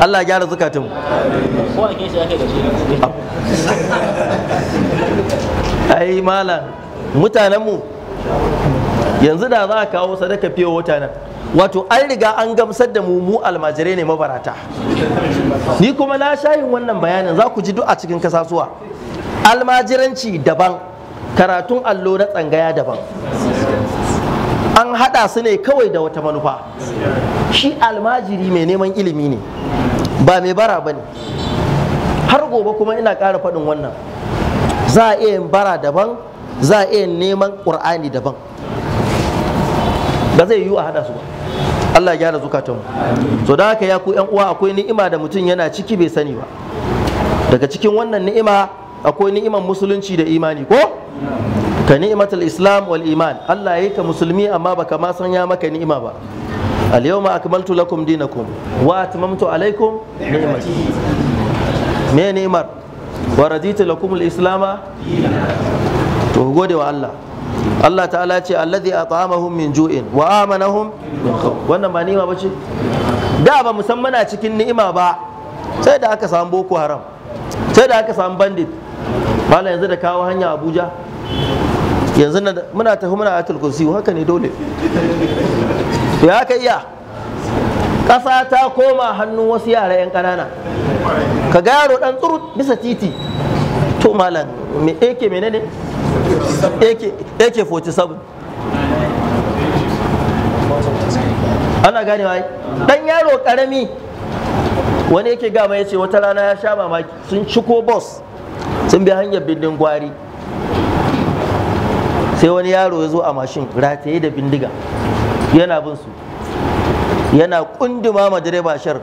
Allah gyara zukatun ai malam mutanenmu yanzu da za a kawo sadaka fiye wata nan wato an riga an gamsar da mu mu almajirai ne mabarata ni kuma na shayin wannan bayanin za ku ji duk cikin kasasuwa almajiranci daban karatun allo na tsangaya daban an haɗa su ne kawai da wata manufa shi almajiri mai neman ilimi ne ba mai bara ba ne har gobe kuma ina ƙara faɗin wannan za a iya bara daban za a iya neman ƙur'ani daban ba zai yiwu a haɗa su ba Allah ya gyara zukatanmu so da haka ya ku yan uwa akwai ni'ima da mutum yana ciki bai sani ba daga cikin wannan ni'ima akwai ni'iman musulunci da imani ko ka ni'matul islam wal iman Allah yi ka musulmi amma baka ma san ya maka ni'ima ba al yawma akmaltu lakum dinakum wa atmamtu alaykum ni'mati me ni'mar wa raditu lakum al islama to gode wa Allah Allah ta'ala ce alladhi at'amahum min ju'in wa amanahum min khawf wannan ba ni'ima bace da ba musamman a cikin ni'ima ba sai da aka samu boko haram sai da aka samu bandit bala yanzu da kawo hanya abuja yanzu muna tafi muna ayatul kursi haka ne dole ya haka iya ƙasa ta koma hannun wasu yara 'yan ƙanana ka ga yaro ɗan tsuru bisa titi to malam me ake menene ake 47 ana ganewa yi ɗan yaro ƙarami wani yake gama ya ce wata rana ya sha mamaki sun ciko bus sun bi hanyar bindin gwari sai wani yaro ya zo a mashin rataye da bindiga yana bin su yana kunduma ma direba shar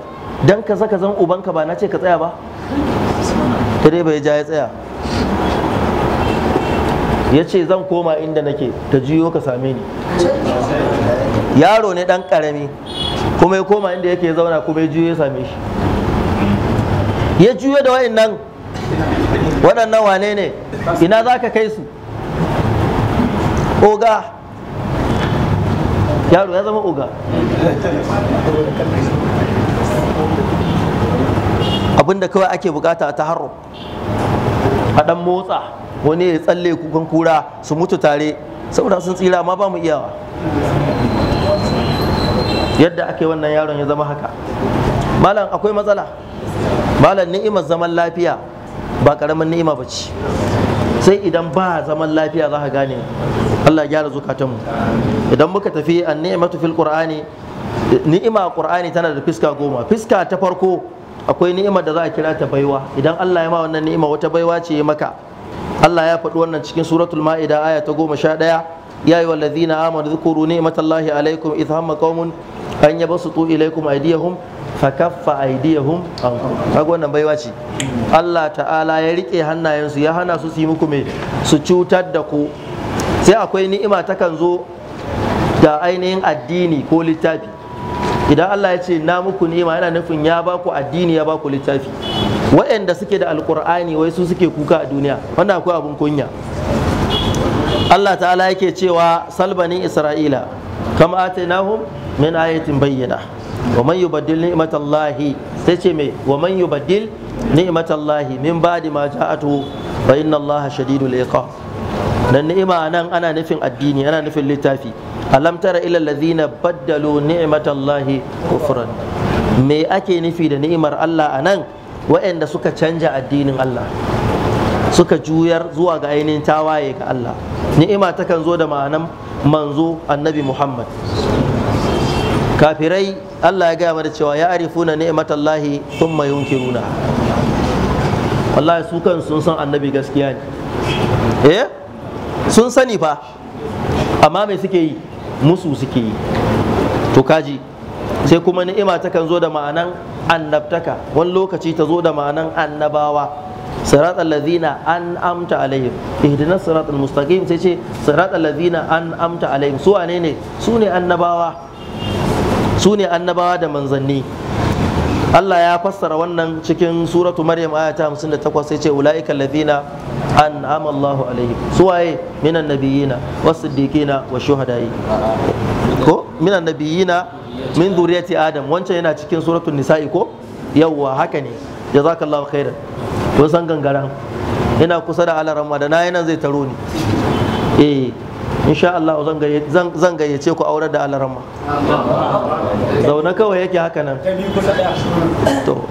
dan ka saka zan ubanka ba na ce ka tsaya ba direba ya ja ya tsaya ya ce zan koma inda nake ta juyo ka same ni yaro ne dan karami kuma ya koma inda yake zauna kuma ya juyo ya same shi ya juyo da wa'in nan waɗannan wane ne ina za ka kai su oga yaro ya zama oga abinda kawai ake bukata ta harro a dan motsa wani ya tsalle kukan kura su mutu tare saboda sun tsira ma ba mu iyawa yadda ake wannan yaron ya zama haka malam akwai matsala malam ni'imar zaman lafiya ba karamin ni'ima ba ce sai idan ba zaman lafiya za ka gane Allah gyara zukatanmu idan muka tafi an ni'matu fil qur'ani ni'ima qur'ani tana da fiska goma fiska ta farko akwai ni'imar da za a kira ta baiwa idan Allah ya ma wannan ni'ima wata baiwa ce maka Allah ya faɗi wannan cikin suratul ma'ida aya ta goma sha ɗaya يا أيها الذين آمنوا اذكروا نعمة الله عليكم إذ هم قوم أن يبسطوا إليكم أيديهم فكف أيديهم عنكم أقول نبي واشي الله تعالى يريك هنا ينسو يا هنا سوسي مكم سوتشو تدكو sai akwai ni'ima takan zo da ainihin addini ko littafi idan Allah ya ce na muku ni'ima yana nufin ya baku addini ya baku littafi waɗanda suke da alkur'ani wai su suke kuka a duniya wannan akwai abin kunya Allah ta'ala yake cewa salbani isra'ila kama atainahum min ayatin bayyana wa man yubaddil ni'matallahi sai ce me wa man yubaddil ni'matallahi min ba'di ma ja'atu fa inna allaha shadidul iqab dan ni'ima nan ana nufin addini ana nufin littafi alam tara ila alladhina baddalu ni'matallahi kufran me ake nufi da ni'imar Allah anan waɗanda suka canja addinin Allah suka juyar zuwa ga ainihin tawaye ga Allah ni'ima takan zo da ma'anan manzo annabi Muhammad kafirai Allah ya gaya mana cewa ya arifuna ni'matallahi thumma yunkiruna wallahi su kan sun san annabi gaskiya ne eh sun sani fa amma me suke yi musu suke yi to kaji sai kuma ni'ima takan zo da ma'anan annabtaka wani lokaci ta zo da ma'anan annabawa sirat alladhina an'amta alaihim ihdinas sirat almustaqim sai ce sirat alladhina an'amta alaihim su wane ne su ne annabawa su ne annabawa da manzanni Allah ya fassara wannan cikin suratu Maryam aya ta 58 sai ce ulaika alladhina an'ama Allahu Su waye minan nabiyina was-siddiqina wash-shuhada'i ko minan nabiyina min zuriyati adam wancan yana cikin suratul nisa'i ko yawwa haka ne jazakallahu khairan kun san gangara ina kusa da alaran ma da na nan zai taro ni eh insha Allah zan gayyace ku aurar da alaran ma zaune kawai yake haka nan to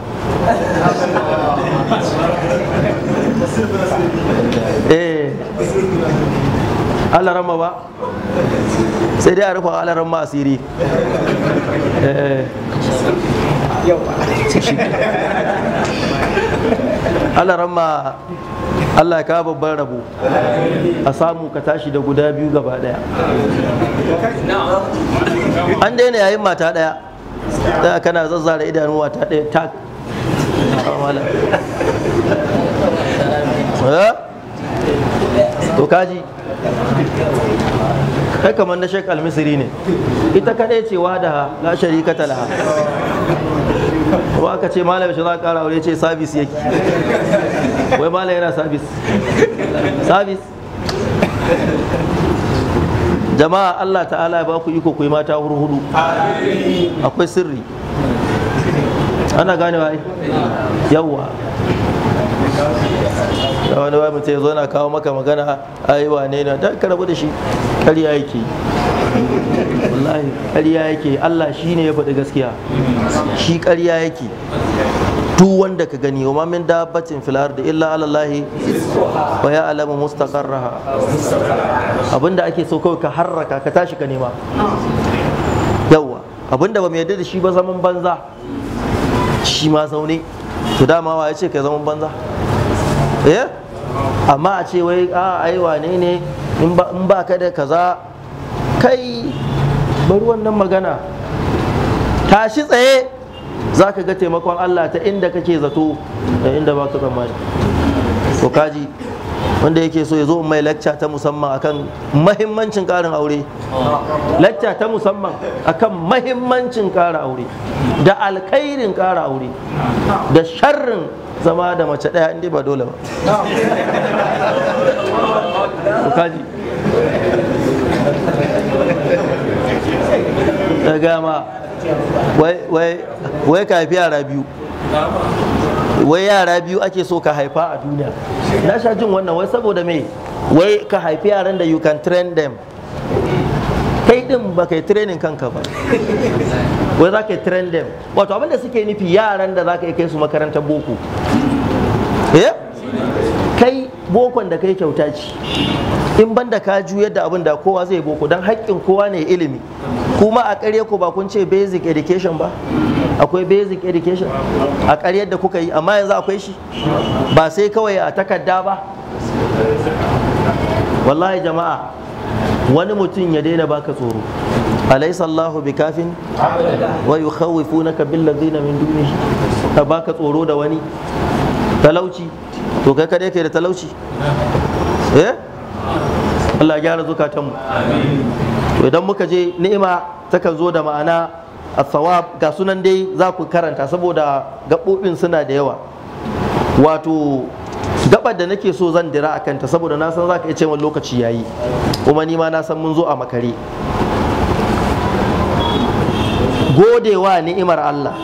eh alaran ma ba sai dai a rufa alaran ma asiri eh Allah ramma Allah ya kawo babban rabo a samu ka tashi da guda biyu gaba daya an daina yayin mata daya da kana zazzara idanun wata daya tak eh? to kaji kai kamar na shek al-misri ne ita kadai ce wadaha la sharika talaha ko aka ce malam shi za kara aure ce sabis yake wai malam yana sabis sabis jama'a Allah ta'ala ya ba ku iko ku yi mata hurhudu akwai sirri ana gane wa yawa da wani wani mutum ya zo na kawo maka magana ai wane na da ka da shi kariya yake wallahi ƙarya yake Allah shi ne ya faɗi gaskiya shi ƙarya yake duk wanda ka gani wa min dabbatin fil ardi illa ala Allah wa ya'lamu mustaqarraha abinda ake so kawai ka harraka ka tashi ka nema yawa abinda ba mu yarda da shi ba zaman banza shi ma zaune to dama wa ya ce kai zaman banza eh amma a ce wai a ah, aiwa ne ne in ba ka da kaza kai bari wannan magana tashi tsaye za ka ga taimakon Allah ta inda kake zato da inda ba ka tsammani to kaji wanda yake so ya zo mai lacca ta musamman akan mahimmancin karin aure lacca ta musamman akan mahimmancin kara aure da alkairin kara aure da sharrin zama da mace ɗaya inda ba dole ba kaji na gama wai ka haifi yara biyu wai yara biyu ake so ka haifa a duniya na sha jin wannan wai saboda me wai ka haifi yaran da you can train them kai din ba kai training kanka ba wai za ka train them wato abinda suke nufi yaran da za ka kai su makarantar boko yeah? kai bokon da kai kyauta ce in banda ka juyar da abin da kowa zai boko don haƙƙin kowa ne ilimi kuma a ƙarye ku ba kun ce basic education ba akwai basic education a ƙaryar da kuka yi amma yanzu akwai shi ba sai kawai a takarda ba wallahi jama'a wani mutum ya daina baka tsoro alaisa Allahu bi kafin wa na kabila ladina min dunihi ka baka tsoro da wani talauci to kai kada yake da talauci eh Allah gyara zukatanmu to idan muka je ni'ima takan zo da ma'ana asawa ga sunan dai za ku karanta saboda gaɓoɓin suna da yawa wato gabar da nake so zan dira a kanta saboda na san zaka ka iya cewa lokaci yayi kuma ni ma na san mun zo a makare godewa ni'imar Allah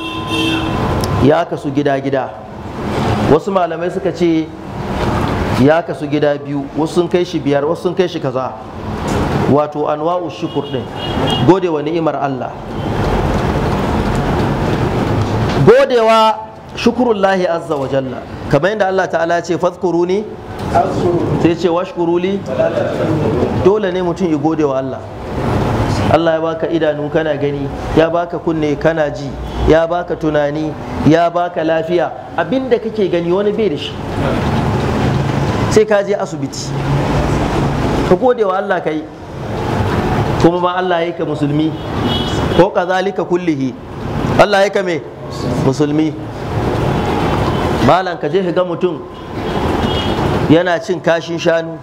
ya kasu gida-gida wasu malamai suka ce ya kasu gida biyu wasu sun kai shi biyar wasu sun kai shi kaza wato anwa'u shukur din godewa ni'imar Allah godewa shukurullahi azza wa jalla kamar yadda Allah ta'ala ce ne sai ce washkuruli dole ne mutum ya godewa Allah Allah ya baka idanu kana gani ya baka kunne kana ji ya baka tunani ya baka lafiya abinda kake gani wani bai da shi sai ka je asibiti ka gode wa Allah kai kuma ba Allah ya ka musulmi ko kazalika kullihi Allah ya ka me musulmi malam ka je ga mutum yana cin kashin shanu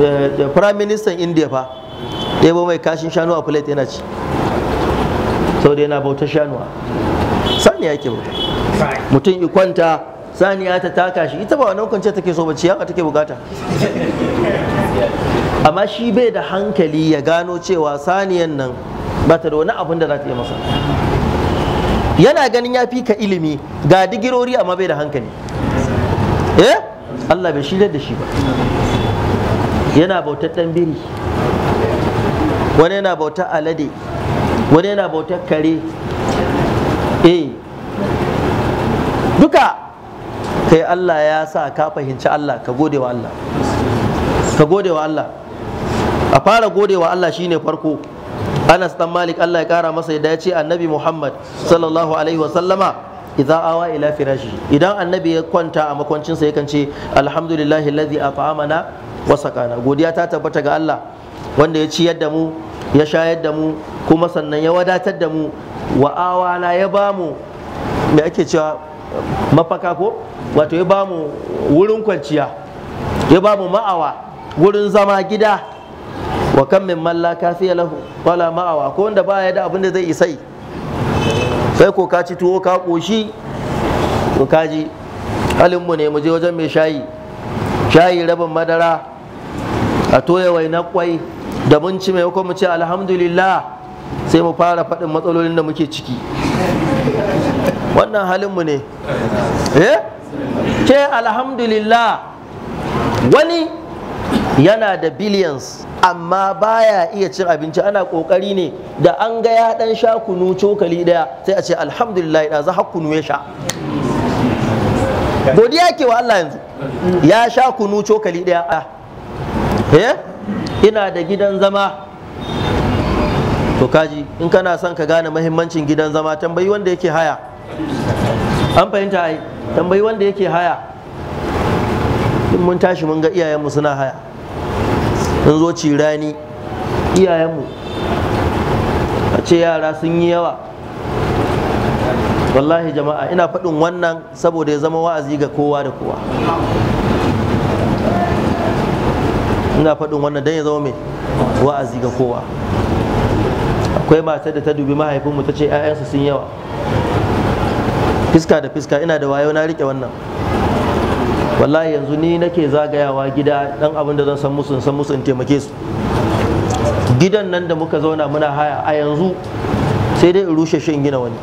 Eh, eh, prime minister india fa ɗebo mai kashin shanu a plate yana ci sau da yana bauta sani saniya ke bauta mutum sani saniya ta taka shi ita ba ce kwanciya take so ba ciyawa take bukata amma shi bai da hankali ya gano cewa saniyan nan ba ta da wani abin da za ta yi masa yana ganin ya fi ka ilimi ga digirori amma bai da hankali eh Allah bai shirya da shi ba yana bautar ɗan biri wani yana bautar alade wani yana bautar kare eh duka kai Allah ya sa ka fahimci Allah ka gode wa Allah ka gode wa Allah a fara gode wa Allah shine farko Anas dan Malik Allah ya kara masa yadda ya ce Annabi Muhammad sallallahu alaihi wa sallama idza awa ila firashi idan annabi ya kwanta a makwancinsa yakan ce alhamdulillahi allazi at'amana wa sakana godiya ta tabbata ga Allah wanda ya ciyar da mu ya shayar da mu kuma sannan ya wadatar da mu wa awana ya bamu me ake cewa mafaka ko wato ya bamu wurin kwanciya ya bamu ma'awa wurin zama gida wa kan min mallaka fiye lahu wala ma'awa ko wanda baya da abin da zai isai kai ko ka ci tuwo ka ƙoshi to kaji halinmu ne mu je wajen mai shayi shayi rabin madara a toya waina kwai da mun ci maimakon mu ce alhamdulillah sai mu fara faɗin matsalolin da muke ciki wannan halinmu ne eh ke alhamdulillah wani yana da billions amma baya iya cin abinci ana kokari ne da an ga ya dan sha kunu cokali daya sai a ce alhamdulillah da za kunu ya sha godiya ke wa Allah yanzu ya sha kunu cokali daya ah, eh ina da gidan zama to kaji in kana son ka gane muhimmancin gidan zama tambayi wanda yake haya an fahimta ai tambayi wanda yake haya mun tashi mun ga iyayenmu suna haya sun zo cirani iyayenmu a ce yara sun yi yawa wallahi jama'a ina faɗin wannan saboda ya zama wa'azi ga kowa da kowa ina faɗin wannan don ya zama mai wa'azi ga kowa akwai matar da ta dubi mahaifinmu ta ce 'ya'yansu sun yawa fiska da fiska ina da wayo na riƙe wannan wallahi yanzu ni nake zagayawa gida dan abin da zan san musu san musu in taimake su gidan nan da muka zauna muna haya a yanzu sai dai in rushe shi in gina wani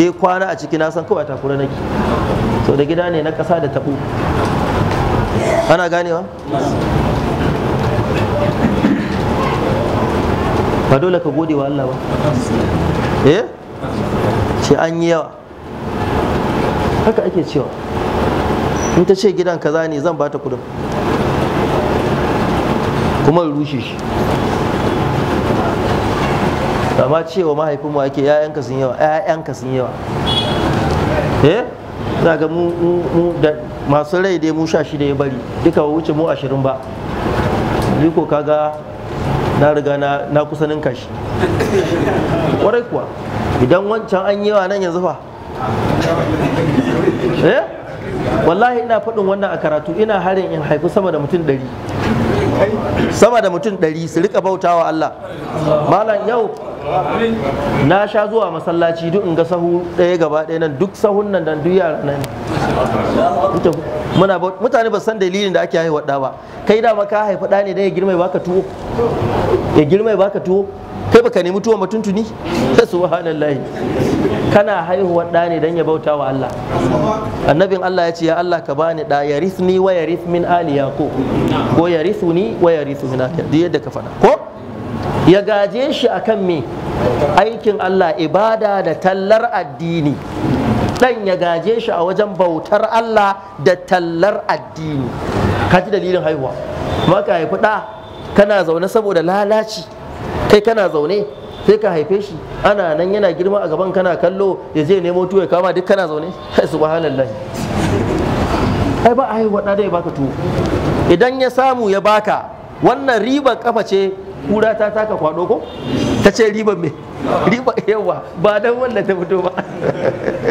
dai kwana a ciki na san kawai takura nake so da gida ne na kasa da taɓo ana ganewa ba dole ka gode wa Allah ba eh ce an yi yawa haka ake cewa in ta ce gidan kaza ne zan bata kudin kuma rushe shi amma cewa mahaifinmu ake ‘ya'yanka sun yawa ‘ya'yanka sun yawa eh za ga mu da masu rai dai mu sha shi da ya bari duka wuce mu ashirin ba liko kaga na riga na kusanin kashi kwarai kuwa idan wancan an yi yawa nan yanzu fa eh wallahi ina faɗin wannan a karatu ina harin in haifi sama da mutum ɗari sama da mutum ɗari su rika bautawa Allah malam yau na sha zuwa masallaci duk in ga sahu ɗaya gaba ɗaya nan duk sahun nan nan duk yara nan muna mutane ba san dalilin da ake haihuwa ɗa ba kai dama ka haifi ɗa ne dan ya girma ya baka tuwo ya girma ya baka tuwo kai baka nemi tuwon ba tuntuni subhanallahi kana haihuwar ɗa ne don ya bauta wa Allah annabin Allah ya ce ya Allah ka bani ɗa ya ni wa ya min ali yaqub ko ya ni wa ya min ali duk yadda ka faɗa ko ya gaje shi akan me aikin Allah ibada da tallar addini dan ya gaje shi a wajen bautar Allah da tallar addini ka ji dalilin haihuwa maka haifi ɗa kana zaune saboda lalaci kai kana zaune sai ka haife shi ana nan yana girma a gaban kana kallo ya je nemo tuwo ya kama duk kana zaune kai subhanallahi ai ba a haihuwa ɗa ya baka tuwo idan ya samu ya baka wannan ribar kafa ce kura ta taka kwado ko ta ce ribar me riba yawa ba dan wanda ta fito ba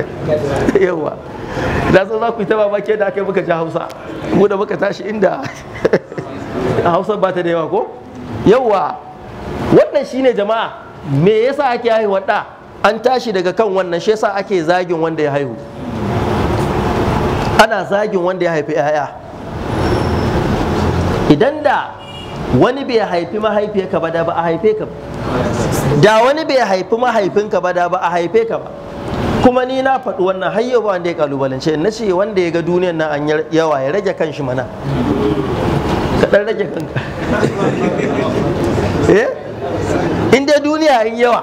yawa da sun za ku yi ta babake da aka yi muka ji hausa mu da muka tashi inda hausa ba ta da yawa ko yawa wannan shine jama'a me yasa ake haihuwa da an tashi daga kan wannan shi yasa ake zagin wanda ya haihu ana zagin wanda ya haifi 'ya'ya idan da wani bai haifi mahaifiyarka ba da ba a haife ka ba? da wani bai haifi mahaifinka ba da ba a haife ka ba kuma ni na faɗi wannan har ba wanda ya kalubalance na ce wanda ya ga duniyar nan an yawa ya rage kan shi mana ka ɗan rage kanka eh duniya in yawa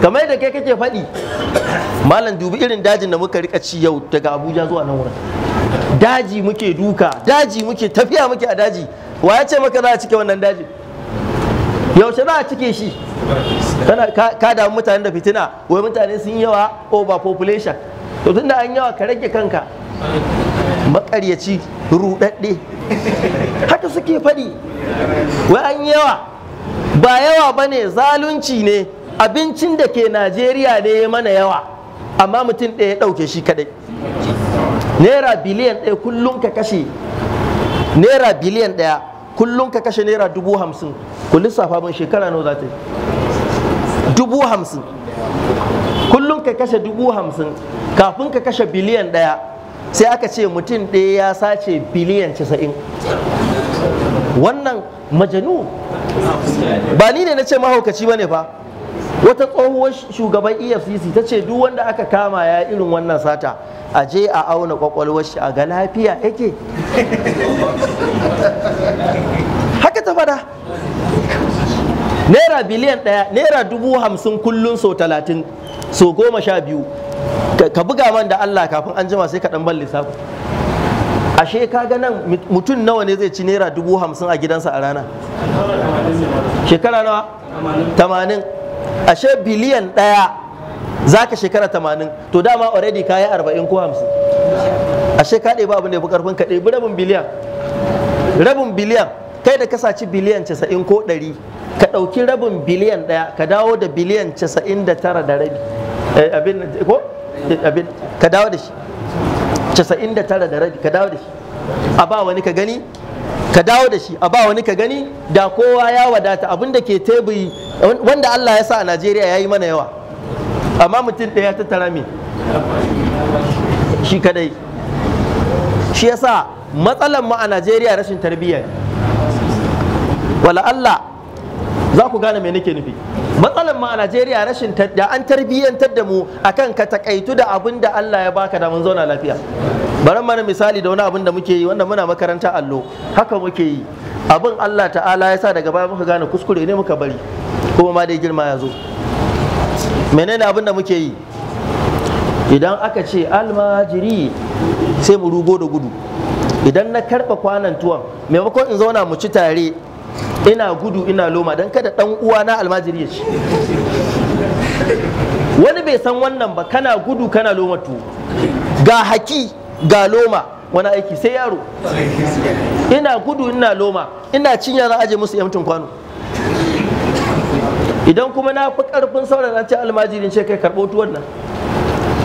kamar yadda kai kake faɗi malam dubi irin dajin da muka rika ci yau daga abuja zuwa nan wurin daji muke duka daji muke tafiya muke a daji wa ya ce maka za a cike wannan daji yaushe za a cike shi ka damu mutane da fitina wai mutane sun yawa population to tunda an yawa ka rage kanka makaryaci rudadde haka suke faɗi wai an yawa ba yawa ba ne zalunci ne abincin da ke najeriya ne ya mana yawa amma mutum ɗaya ɗauke shi kaɗai naira biliyan ɗaya kullum ka kashe naira biliyan ɗaya kullum ka kashe naira dubu hamsin ku lissafa min shekara nawa za ta yi dubu hamsin kullum ka kashe dubu hamsin kafin ka kashe biliyan ɗaya sai aka ce mutum ɗaya ya sace biliyan casa'in wannan majanu ba ni ne na ce mahaukaci ba ne fa wata tsohuwar shugaban efcc ta ce duk wanda aka kama ya irin wannan sata a je a auna kwakwalwar shi a ga lafiya yake haka ta fada naira biliyan ɗaya naira dubu hamsin kullum sau talatin sau goma sha biyu ka buga man da allah kafin an jima sai ka ɗan ban lissafi ashe kaga nan mutum nawa ne zai ci naira dubu hamsin a gidansa a rana shekara nawa tamanin ashe biliyan ɗaya za ka shekara tamanin to dama already ka yi arba'in ko hamsin ashe ka ba abin da ya fi ƙarfin ka ɗebi rabin biliyan rabin biliyan kai da ka saci biliyan casa'in ko ɗari ka ɗauki rabin biliyan ɗaya ka dawo da biliyan casa'in da tara da rabi eh, abin ko abin ka dawo da shi casa'in da tara da rabi ka dawo da shi a ba wani ka gani ka dawo da shi a ba wani ka gani da kowa ya wadata abinda ke teburi wanda Allah ya sa a Najeriya ya yi mana yawa amma mutum ɗaya ta tara me shi kadai shi yasa matsalar mu a Najeriya rashin tarbiyya wala Allah za ku gane me nake nufi matsalar ma a Najeriya rashin da an tarbiyyantar da mu akan ka takaitu da abin da Allah ya baka da mun zauna lafiya bari mana misali da wani abin da muke yi wanda muna makaranta allo haka muke yi abin Allah ta'ala ya sa daga baya muka gane kuskure ne muka bari kuma ma dai girma ya zo menene abin da muke yi idan aka ce almajiri sai mu rugo da gudu idan na karɓa kwanan tuwon maimakon in zauna mu ci tare ina gudu ina loma don kada dan na almajiri ya ci wani bai san wannan ba kana gudu kana loma tuwo ga haki ga loma wani aiki sai yaro ina gudu ina loma ina cin yaran aje musu yamtin kwano idan kuma na fi karfin saurara ce almajirin ce kai karɓo tuwon nan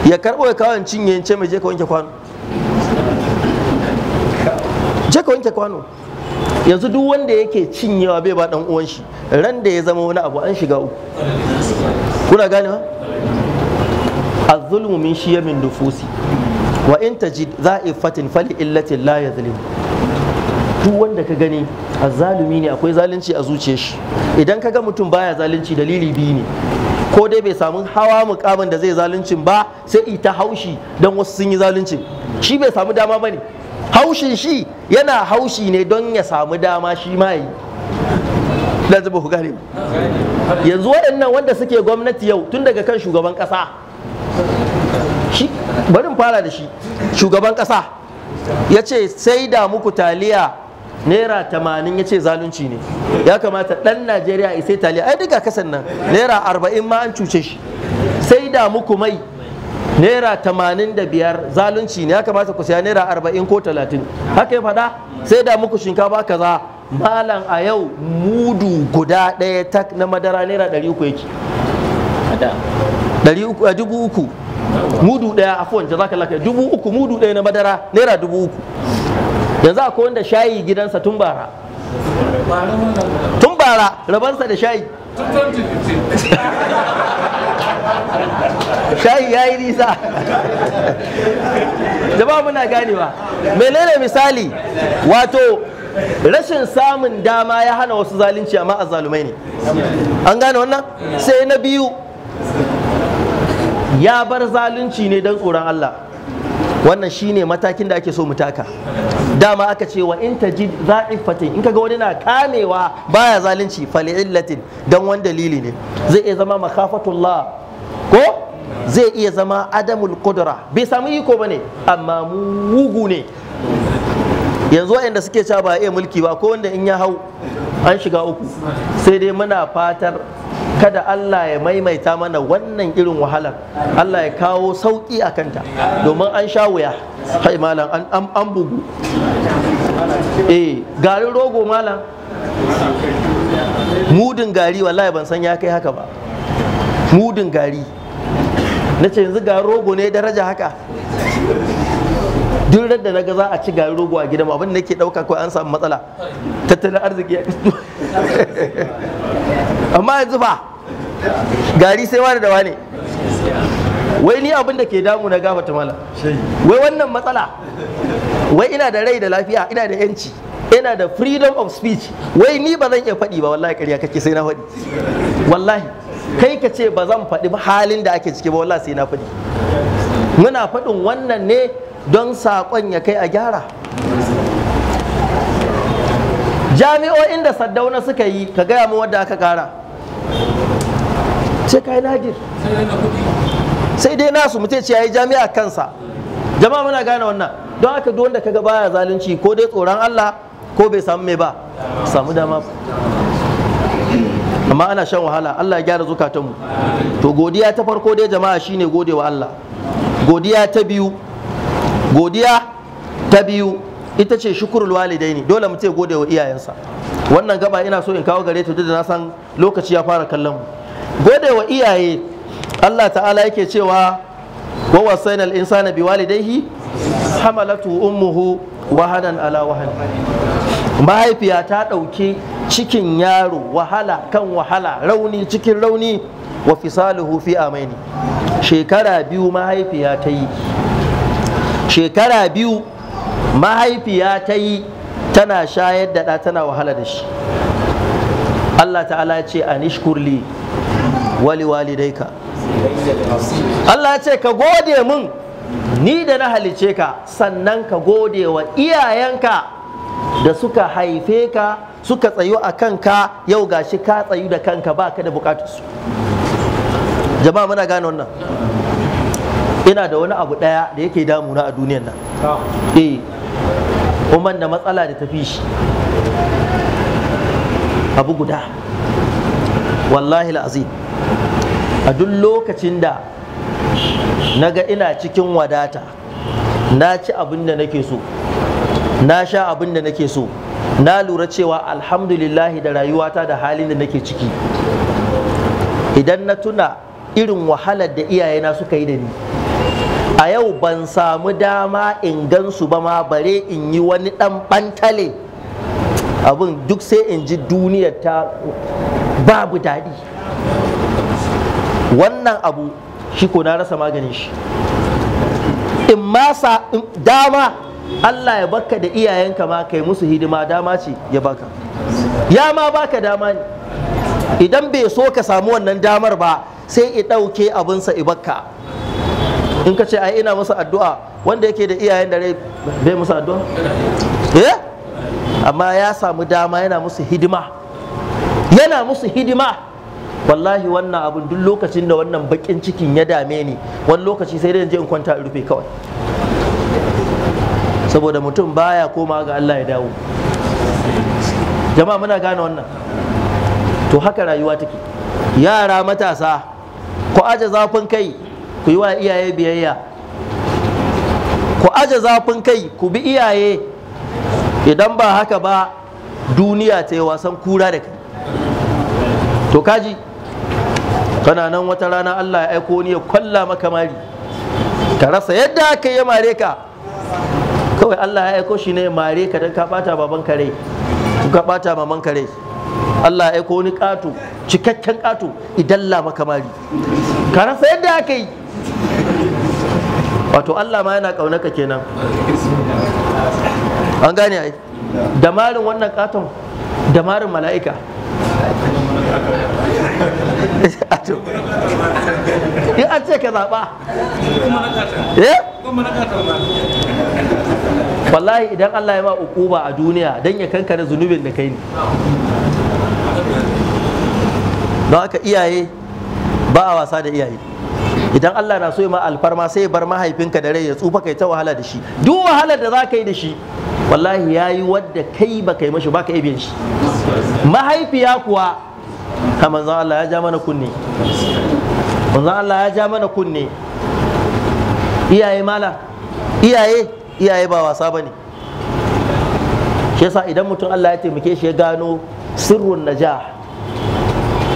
ya karɓo ya kawo cinye ce mai je ka wanke kwano je ka wanke kwano yanzu duk wanda yake cinyewa bai ba dan uwan shi ran da ya zama wani abu an shiga uku kuna gane ba zulmu min min nufusi wa in tajid za'ifatin fali illati la yazlim duk wanda ka gani azzalumi ne akwai zalunci a zuciyar shi idan ka ga mutum baya zalunci dalili biyu ne ko dai bai samu hawa mukamin da zai zaluncin ba sai ita haushi dan wasu sun yi zaluncin shi bai samu dama ba ne haushin shi yana haushi ne don ya samu dama shi ma yi da zuba yanzu waɗannan wanda suke gwamnati yau tun daga kan shugaban ƙasa shi barin fara da shi shugaban ƙasa ya ce sai da muku taliya naira tamanin ya ce zalunci ne ya kamata ɗan najeriya isai taliya ai duka kasan nan naira arba'in ma an cuce shi sai da muku mai naira tamanin da biyar zalunci ne ya kamata ku saya naira arba'in ko talatin haka ya faɗa sai da muku shinkafa kaza malam a yau mudu guda ɗaya tak na madara naira ɗari uku yake ɗari uku a dubu uku mudu ɗaya afuwan jazakallah dubu uku mudu ɗaya na madara naira dubu uku yanzu akwai wanda shayi gidansa tun bara tun bara rabansa da shayi shayi ya yi nisa jama'a muna ganewa menene misali wato rashin samun dama ya hana wasu zalunci amma a zalumai ne an gane wannan sai na biyu ya bar zalunci ne don tsoron Allah wannan shine matakin da ake so mu taka dama aka ce wa in taji za'ifatin in kaga wani na kamewa baya zalunci fali illatin don wani dalili ne zai iya zama makafatullah ko zai iya zama adamul kudura bai samu iko ba ne amma mugu ne yanzu waɗanda suke cewa ba iya mulki ba ko wanda in ya hau an shiga uku sai dai muna fatar kada Allah ya maimaita mana wannan irin wahalar Allah ya kawo sauƙi a kanta domin an sha wuya hai malam an bugu eh garin rogo malam mudin gari wallahi ban san ya kai haka ba mudin gari na ce yanzu ga rogo ne daraja haka duk da na ga za a ci garin rogo a gidan abin da nake dauka kawai an samu matsala tattalin arziki ya amma yanzu fa gari sai wani da wani wai ni abin da ke damu na gafata ta mala wai wannan matsala wai ina da rai da lafiya ina da yanci ina da freedom of speech wai ni ba zan iya faɗi ba wallahi ƙarya kake sai na faɗi wallahi kai ka ce ba zan faɗi halin da ake ciki ba wallah sai na faɗi muna faɗin wannan ne don saƙon ya kai a gyara jami'o'in da saddauna suka yi ka gaya mu wadda aka kara sai ka yi sai dai nasu mutum ce yayi jami'a kansa jama'a muna gane wannan don haka duk wanda kaga baya zalunci ko dai tsoron Allah ko bai samu mai ba samu dama amma ana shan wahala Allah ya gyara zukatanmu to godiya ta farko dai jama'a shine gode wa Allah godiya ta biyu godiya ta biyu ita ce shukurul walidai ne dole mu ce gode wa iyayensa wannan gaba ina so in kawo gare ta duk da na san lokaci ya fara kallon mu gode wa iyaye Allah ta'ala yake cewa wa wasaina al-insana biwalidayhi hamalatu ummuhu wahadan ala mahaifiya ta ɗauki cikin yaro wahala kan wahala rauni cikin rauni wa fisaluhu fi amaini shekara biyu mahaifiya ta yi shekara biyu mahaifiya ta yi tana shayar da ɗa tana wahala da shi Allah ta'ala ya ce a nishkurli wali walidaika Allah ce ka gode mun ni da na halice ka sannan ka gode wa iyayenka da suka haife ka suka tsayo a kanka yau gashi ka tsayu da kanka ba ka da bukatarsu jama'a muna gane wannan ina da wani abu ɗaya da yake damuna a duniyan nan eh kuma da matsala da tafi shi abu guda wallahi azim a duk lokacin da na ga ina cikin wadata na ci abin da nake so na sha abin da nake so na lura cewa alhamdulillahi da rayuwata da halin da nake ciki idan na tuna irin wahalar da iyayena suka yi da ni a yau ban samu dama in gansu ba ma bare in yi wani dan bantale abin duk sai in ji duniya ta babu daɗi wannan abu shi ko na rasa maganin shi in masa dama Allah ya baka da iyayenka ma kai musu hidima dama ce ya baka ya ma baka dama ne idan bai so ka samu wannan damar ba sai i ɗauke abinsa i baka in ka ce ai ina musu addu'a wanda yake da iyayen da rai bai musu addu'a eh amma ya samu dama yana musu hidima yana musu hidima wallahi wannan abun duk lokacin da wannan bakin cikin ya dame ni wani lokaci sai dai in je in kwanta in rufe kawai saboda mutum baya koma ga Allah ya dawo jama'a muna gane wannan to haka rayuwa take yara matasa ku aje zafin kai ku yi wa iyaye biyayya ku aje zafin kai ku bi iyaye idan ba haka ba duniya ta yi wasan kura da kai to kaji kana nan wata rana Allah ya aiko ni ya kwalla maka mari ka rasa yadda aka ya mare ka kawai Allah ya aiko shi ne mare ka dan ka bata baban kare ka bata maman kare Allah ya aiko wani ƙato cikakken ƙato idan la maka mari ka rasa yadda aka yi wato Allah ma yana ƙaunaka kenan an gane ai da marin wannan ƙaton da marin mala'ika in an ce ka zaɓa eh? wallahi idan Allah ya ma ukuba a duniya dan ya kankana zunubin da kai ne don haka iyaye ba a wasa da iyaye idan Allah na so ya ma alfarma sai ya bar mahaifinka da rai ya tsufa kai ta wahala da shi duk wahalar da za ka yi da shi wallahi ya yi wadda kai ba kai mashi ba ka ibe shi mahaifiya kuwa ha manzan Allah ya ja mana kunne manzan Allah ya ja mana kunne iyaye mala iyaye iyaye ba wasa ba ne shi yasa idan mutum Allah ya taimake shi ya gano sirrin Naja,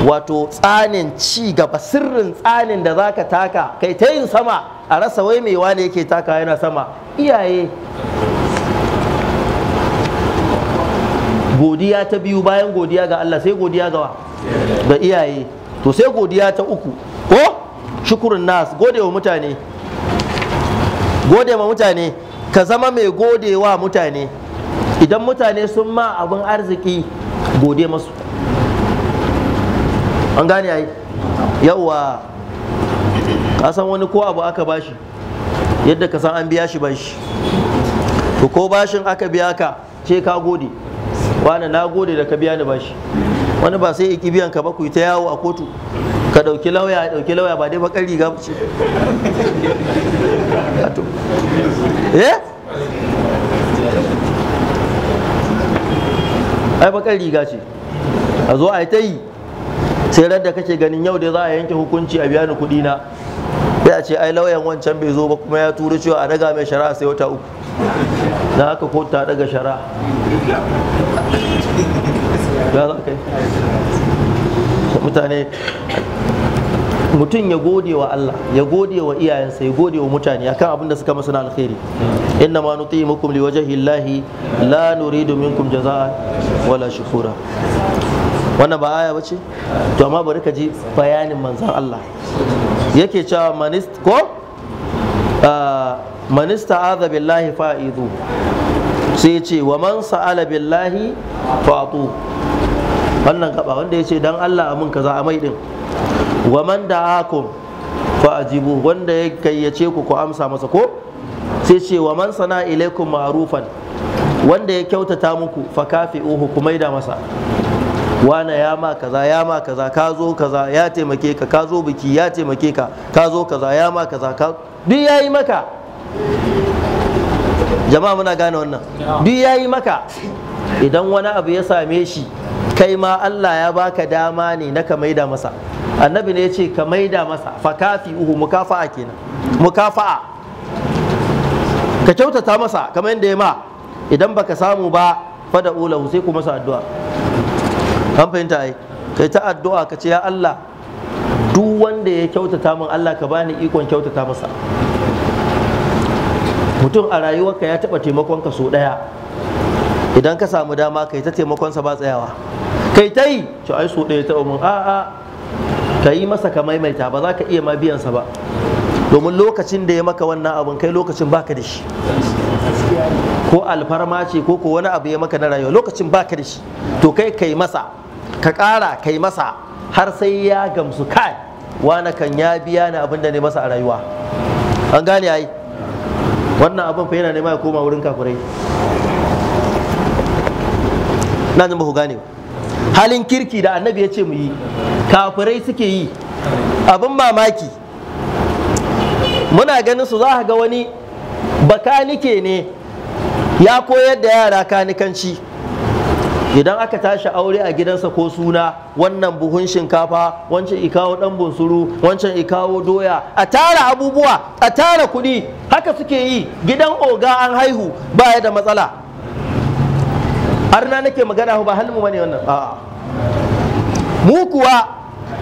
wato tsanin ci gaba sirrin tsanin da zaka taka kai ta yin sama a rasa wai mai wane yake taka yana sama iyaye godiya ta biyu bayan godiya ga Allah sai godiya ga ga iyaye to sai godiya ta uku ko shukurun nas gode wa mutane gode ma mutane ka zama mai gode wa mutane idan mutane sun ma abin arziki gode masu an gane ai yawa ka san wani ko abu aka bashi yadda ka san an biya shi bashi to ko bashin aka biya ka ce ka gode wani na gode da ka biya ni bashi wani ba sai ikibiyan ka ba ku ta yawo a kotu dauki lauya ya dauki lauya ba dai ba riga ga ce eh? ai kari riga ce a zo a yi ta yi sai ran da kake ganin yau da za a yanke hukunci a biya ni kuɗi na sai a ce ai lauyan wancan bai zo ba kuma ya turo cewa a daga mai shari'a sai wata uku na haka ko ta daga shari'a ya za ka yi mutane mutum ya gode wa Allah ya gode wa iyayensa ya gode wa mutane akan abin da suka masa na alkhairi inna ma nuti'imukum liwajhi llahi la nuridu minkum jazaa'a wala shukura wannan ba aya bace to amma bari ka ji bayanin manzon Allah yake cewa manist ko ah, manista aza billahi fa'idu sai ce wa man sa'ala billahi fa'atu wannan gaba wanda ya ce dan Allah amin kaza amai din wa man da'akum fa ajibu wanda ya gayyace ku ku amsa masa ko sai ce wa man sana ilaikum ma'rufan wanda ya kyautata muku fa kafi'uhu ku maida masa wana ya ma kaza ya ma kaza ka zo kaza ya taimake ka ka zo biki ya taimake ka ka zo kaza ya ma kaza ka duk yayi maka jama'a muna gane wannan duk yayi maka idan wani abu ya same shi kai ma Allah ya baka dama ne na ka maida masa annabi ne ya ce ka maida masa fakafi uhu mukafa'a kenan mukafa'a ka kyautata masa kamar yadda ya ma idan baka samu ba fada ulahu sai ku masa addu'a an fahimta ai kai ta addu'a ka ce ya Allah duk wanda ya kyautata min Allah ka bani ikon kyautata masa mutum a rayuwarka ya taɓa taimakon ka sau ɗaya idan ka samu dama kai ta taimakonsa ba tsayawa kai ta yi ai sau ɗaya taɓa mun a'a ka yi masa ka maimaita ba za ka iya ma biyansa ba domin lokacin da ya maka wannan abin kai lokacin baka da shi ko alfarma ce ko ko wani abu ya maka na rayuwa lokacin baka da shi to kai kai masa ka ƙara kai masa har sai ya gamsu kai wani kan ya biya ni abin da ne masa a rayuwa an gane ai wannan abin fa yana nema ya koma wurin kafirai na jin ba ku gane halin kirki da annabi ya ce mu yi kafirai suke yi abin mamaki muna ganin su za a ga wani bakanike ne ya koyar da yara kanikanci idan aka tashi aure a gidansa ko suna wannan buhun shinkafa wancan ikawo dan bunsuru wancan ikawo doya a tara abubuwa a tara kuɗi haka suke yi gidan oga an haihu baya da matsala arna nake magana ba halmu bane wannan a mu kuwa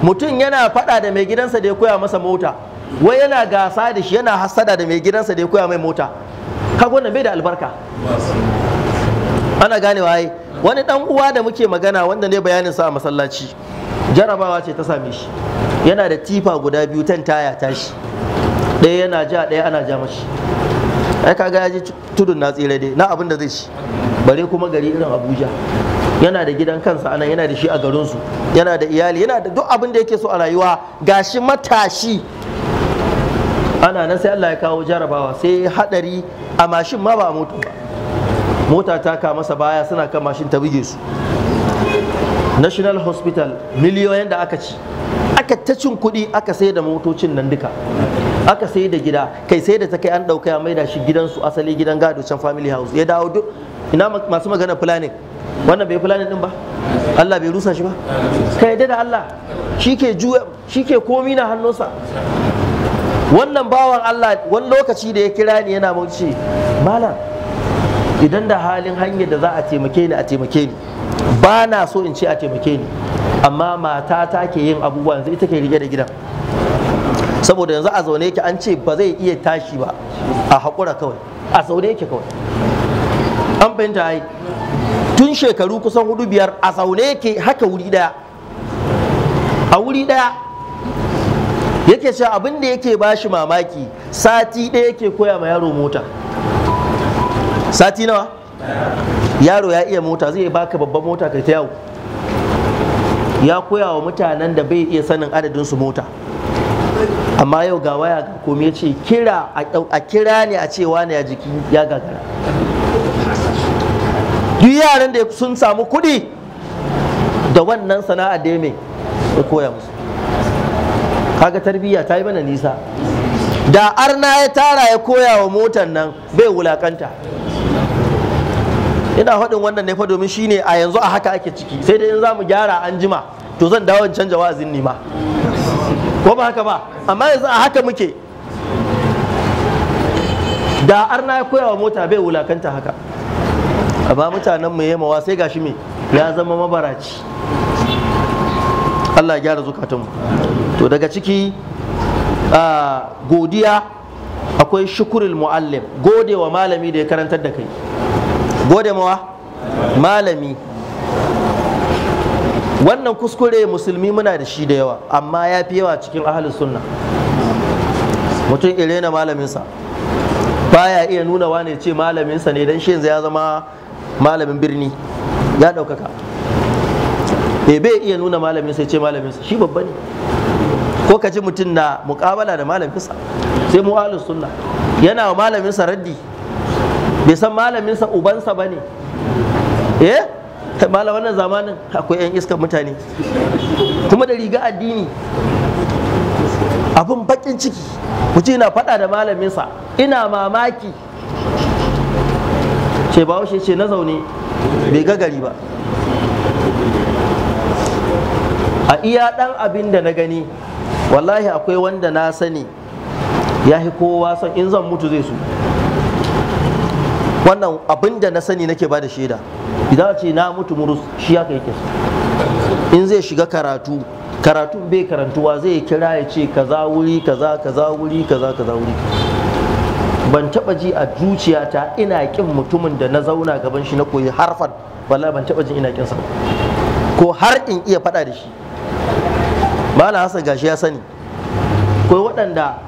mutum yana faɗa da mai gidansa da ya koya masa mota wai yana gasa da shi yana hasada da mai gidansa da ya koya mai mota kaga wannan bai da albarka ana ganewa waye wani dan uwa da muke magana wanda ne bayanin sa a masallaci jarabawa ce ta same shi yana da tifa guda biyu tan taya tashi ɗaya yana ja ɗaya ana ja mashi ai kaga ya ji tudun na tsira dai na abin da zai ci bare kuma gari irin abuja yana da gidan kansa anan yana da shi a garinsu yana da iyali yana da duk abin da yake so a rayuwa gashi matashi ana nan sai Allah ya kawo jarabawa sai hadari a mashin ma ba a mutu ba mota ta ka masa baya suna kan mashin ta buge su national hospital miliyoyin da aka ci aka ta cin kuɗi aka sai da motocin nan duka aka sai da gida kai sai da ta kai an ɗauka ya maida shi gidansu asali gidan gado can family house ya dawo duk ina masu magana planning wannan bai planning din ba Allah bai rusa shi ba ka yadda da Allah ke juya ke komi na hannunsa wannan bawan Allah wani lokaci da ya kira ni yana mace ce malam idan da halin hanyar da za a taimake ni a taimake ni ba na so in ce a taimake ni amma mata ta ke yin abubuwa yanzu ita ke rike da gidan saboda yanzu a zaune yake an ce ba zai iya tashi ba a haƙura kawai a zaune yake kawai an fahimta ai tun shekaru kusan hudu biyar a zaune yake haka wuri daya a wuri daya yake cewa abin da yake ba shi mamaki sati ɗaya yake koya ma yaro mota sati nawa yaro ya iya mota zai baka babban mota kai ta yawo ya koya wa mutanen da bai iya sanin adadin su mota amma yau ga waya ga komai ce kira a kira ne a cewa ne a jiki ya gagara duk yaran da sun samu kuɗi da wannan sana'a da mai ya koya musu kaga tarbiyya ta yi mana nisa da arna ya tara ya koya wa motan nan bai wulakanta ina faɗin wannan ne fa domin shine a yanzu a haka ake ciki sai dai in za mu gyara an jima to zan dawo in canja wa'azin nima. ko ba haka ba amma yanzu a haka muke da arna ya koya wa mota bai wulakanta haka amma mutanen mu yemawa sai gashi me ya zama mabaraci Allah ya gyara zukatun mu. to daga ciki godiya akwai shukurul muallim gode wa malami da ya karantar da kai gode mawa malami wannan kuskure musulmi muna da shi da yawa amma ya fi yawa cikin ahalin sunna mutum irena malaminsa baya iya nuna wane ce malaminsa ne don shi yanzu ya zama malamin birni ya ɗaukaka e bai iya nuna malaminsa ya ce malaminsa shi babba ne ko ka ji mutum na mukabala da malaminsa sai mu ahalin sunna yana wa malaminsa raddi bai san malaminsa ubansa ba ne eh wannan zamanin akwai 'yan iska mutane kuma da riga addini abin bakin ciki mutum na faɗa da malaminsa ina mamaki ce bahaushe ce na zaune bai ga gari ba a iya dan abin da na gani wallahi akwai wanda na sani ya kowa son in zan mutu zai su wannan abin da na sani nake ba da shaida idan ce na mutu murus shi ya kai kisa in zai shiga karatu karatu bai karantuwa zai kira ya ce kaza wuri kaza kaza wuri kaza kaza wuri ban taba ji a zuciyata ina kin mutumin da na zauna gaban shi na koyi harfan wala ban taba jin ina kin sa ko har in iya faɗa da shi malam hasan gashi ya sani ko waɗanda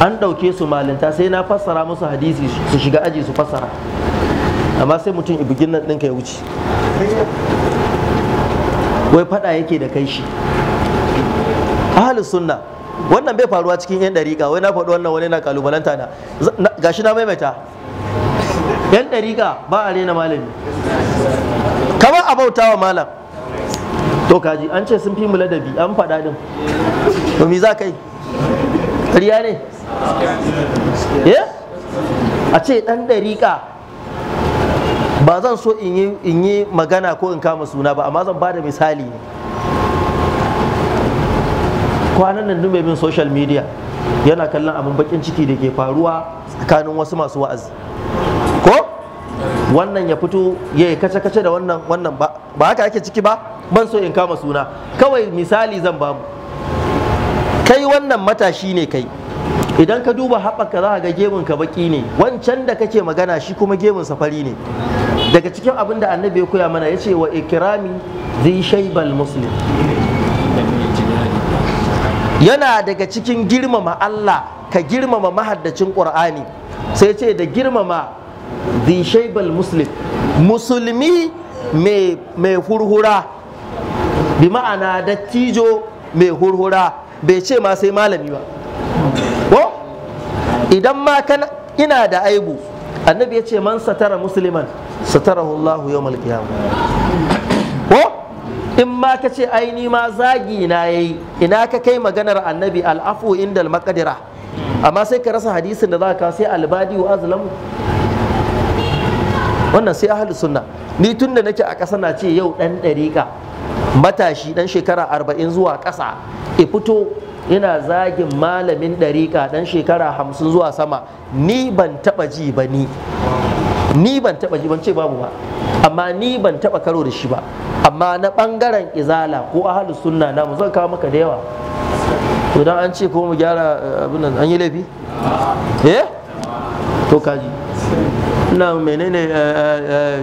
an ɗauke su malinta sai na fassara musu hadisi su shiga aji su fassara amma sai mutum ibigin nan ɗinka ya wuce wai faɗa yake da kai shi ahalus sunna wannan bai faruwa cikin yan dariƙa wai na faɗi wannan wani na kalubalanta na gashi na maimaita yan dariƙa ba a rena malami kamar a bauta wa malam to kaji an ce sun fi mu ladabi an faɗa din to me za kai ƙarya ne Eh? a ce ɗan ɗariƙa ba zan so in yi magana ko in kama suna ba amma zan ba da misali ne kwanan nan dube bin social media yana kallon abin bakin ciki da ke faruwa tsakanin wasu masu wa'azi ko wannan ya fito ya yi kace-kace da wannan wannan ba haka ake ciki ba ban so in kama suna kawai misali zan bamu kai wannan matashi ne kai idan ka duba haɓaka za ga gemun ka baki ne wancan da kake magana shi kuma gemun safari ne daga cikin abin da annabi ya koya mana ya ce wa ikirami zai shaibal muslim yana daga cikin girmama Allah ka girmama mahaddacin ƙur'ani sai ce da girmama zai shaibal muslim musulmi mai hurhura bi ma'ana dattijo mai hurhura bai ce ma sai malami ba ko idan ma kana ina da aibu annabi ya ce man satara musliman satarahu Allah yawmal qiyamah ko in ma ka ce ai ni ma zagi na yayi ina ka kai maganar annabi al'afu inda al-maqdira amma sai ka rasa hadisin da za ka sai albadi wa azlamu wannan sai ahli sunna ni tun da nake a ƙasa na ce yau ɗan dariƙa. matashi ɗan shekara arba'in zuwa ƙasa e fito ina zagin malamin ɗariƙa ɗan shekara hamsin zuwa sama ni ban taɓa ji ba ni ni ban taɓa ji ban ce babu ba amma ni ban taɓa karo da shi ba amma na ɓangaren izala ko ahalu sunna namu zan kawo maka da yawa to dan an ce ko mu gyara eh, abin nan an yi laifi eh to kaji ina menene eh,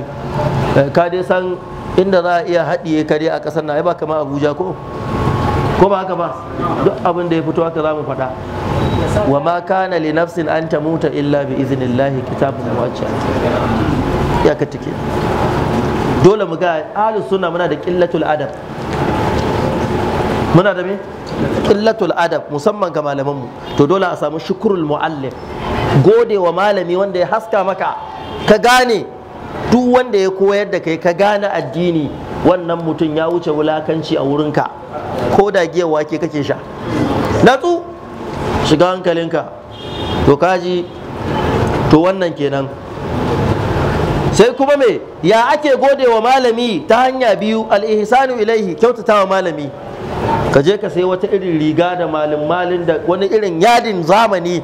eh, ka dai san inda za a iya haɗiye kare a ƙasar na ai ba kama abuja ko ko ba haka ba duk abin da ya fito haka za mu faɗa wa ma kana li nafsin an muta illa bi iznillahi kitabun muwajjah ya ka tike dole mu ga ahli sunna muna da qillatul adab muna da me qillatul adab musamman ga malaman mu to dole a samu shukrul muallim gode wa malami wanda ya haska maka ka gane duk wanda ya koyar da kai ka gane addini wannan mutum ya wuce wulakanci a wurinka ko da giya wake kake sha natsu shiga hankalinka to kaji to wannan kenan sai kuma me ya ake gode wa malami ta hanya biyu al'ihisanu ilaihi kyautata wa malami ka je ka sai wata irin riga da malin malin da wani irin yadin zamani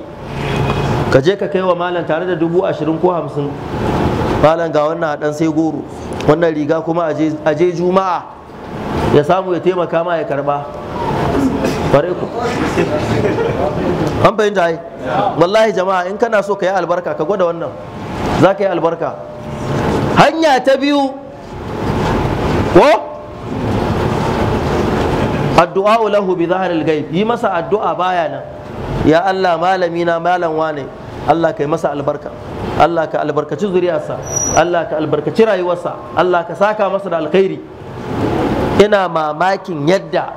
ka je ka kai wa malam tare da dubu ashirin ko hamsin malam ga wannan dan sai goro wannan riga kuma a je juma'a ya samu ya taimaka ma ya karba bare ku an fahimta ai wallahi jama'a in kana so ka yi albarka ka gwada wannan za ka yi albarka hanya ta biyu ko addu'a lahu bi zahril ghaib yi masa addu'a baya nan ya Allah malami na malam wane Allah kai masa albarka Allah ka albarkaci zuriyarsa Allah ka albarkaci rayuwarsa Allah ka saka masa da alkhairi ina mamakin yadda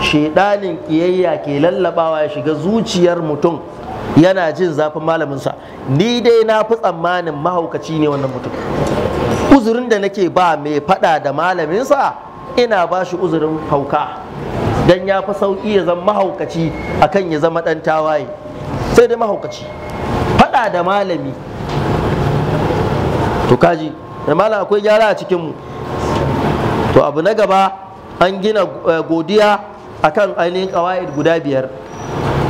shedanin kiyayya ke lallabawa ya shiga zuciyar mutum yana jin zafin malaminsa ni dai na fi tsammanin mahaukaci ne wannan mutum uzurin da nake ba mai fada da malaminsa ina ba shi uzurin hauka don ya fi sauƙi ya zama mahaukaci akan ya zama ɗan tawaye sai dai mahaukaci fada da malami to kaji da eh, malam akwai gyara a cikinmu to abu na gaba an gina eh, godiya kan ainihin ƙawa'id guda biyar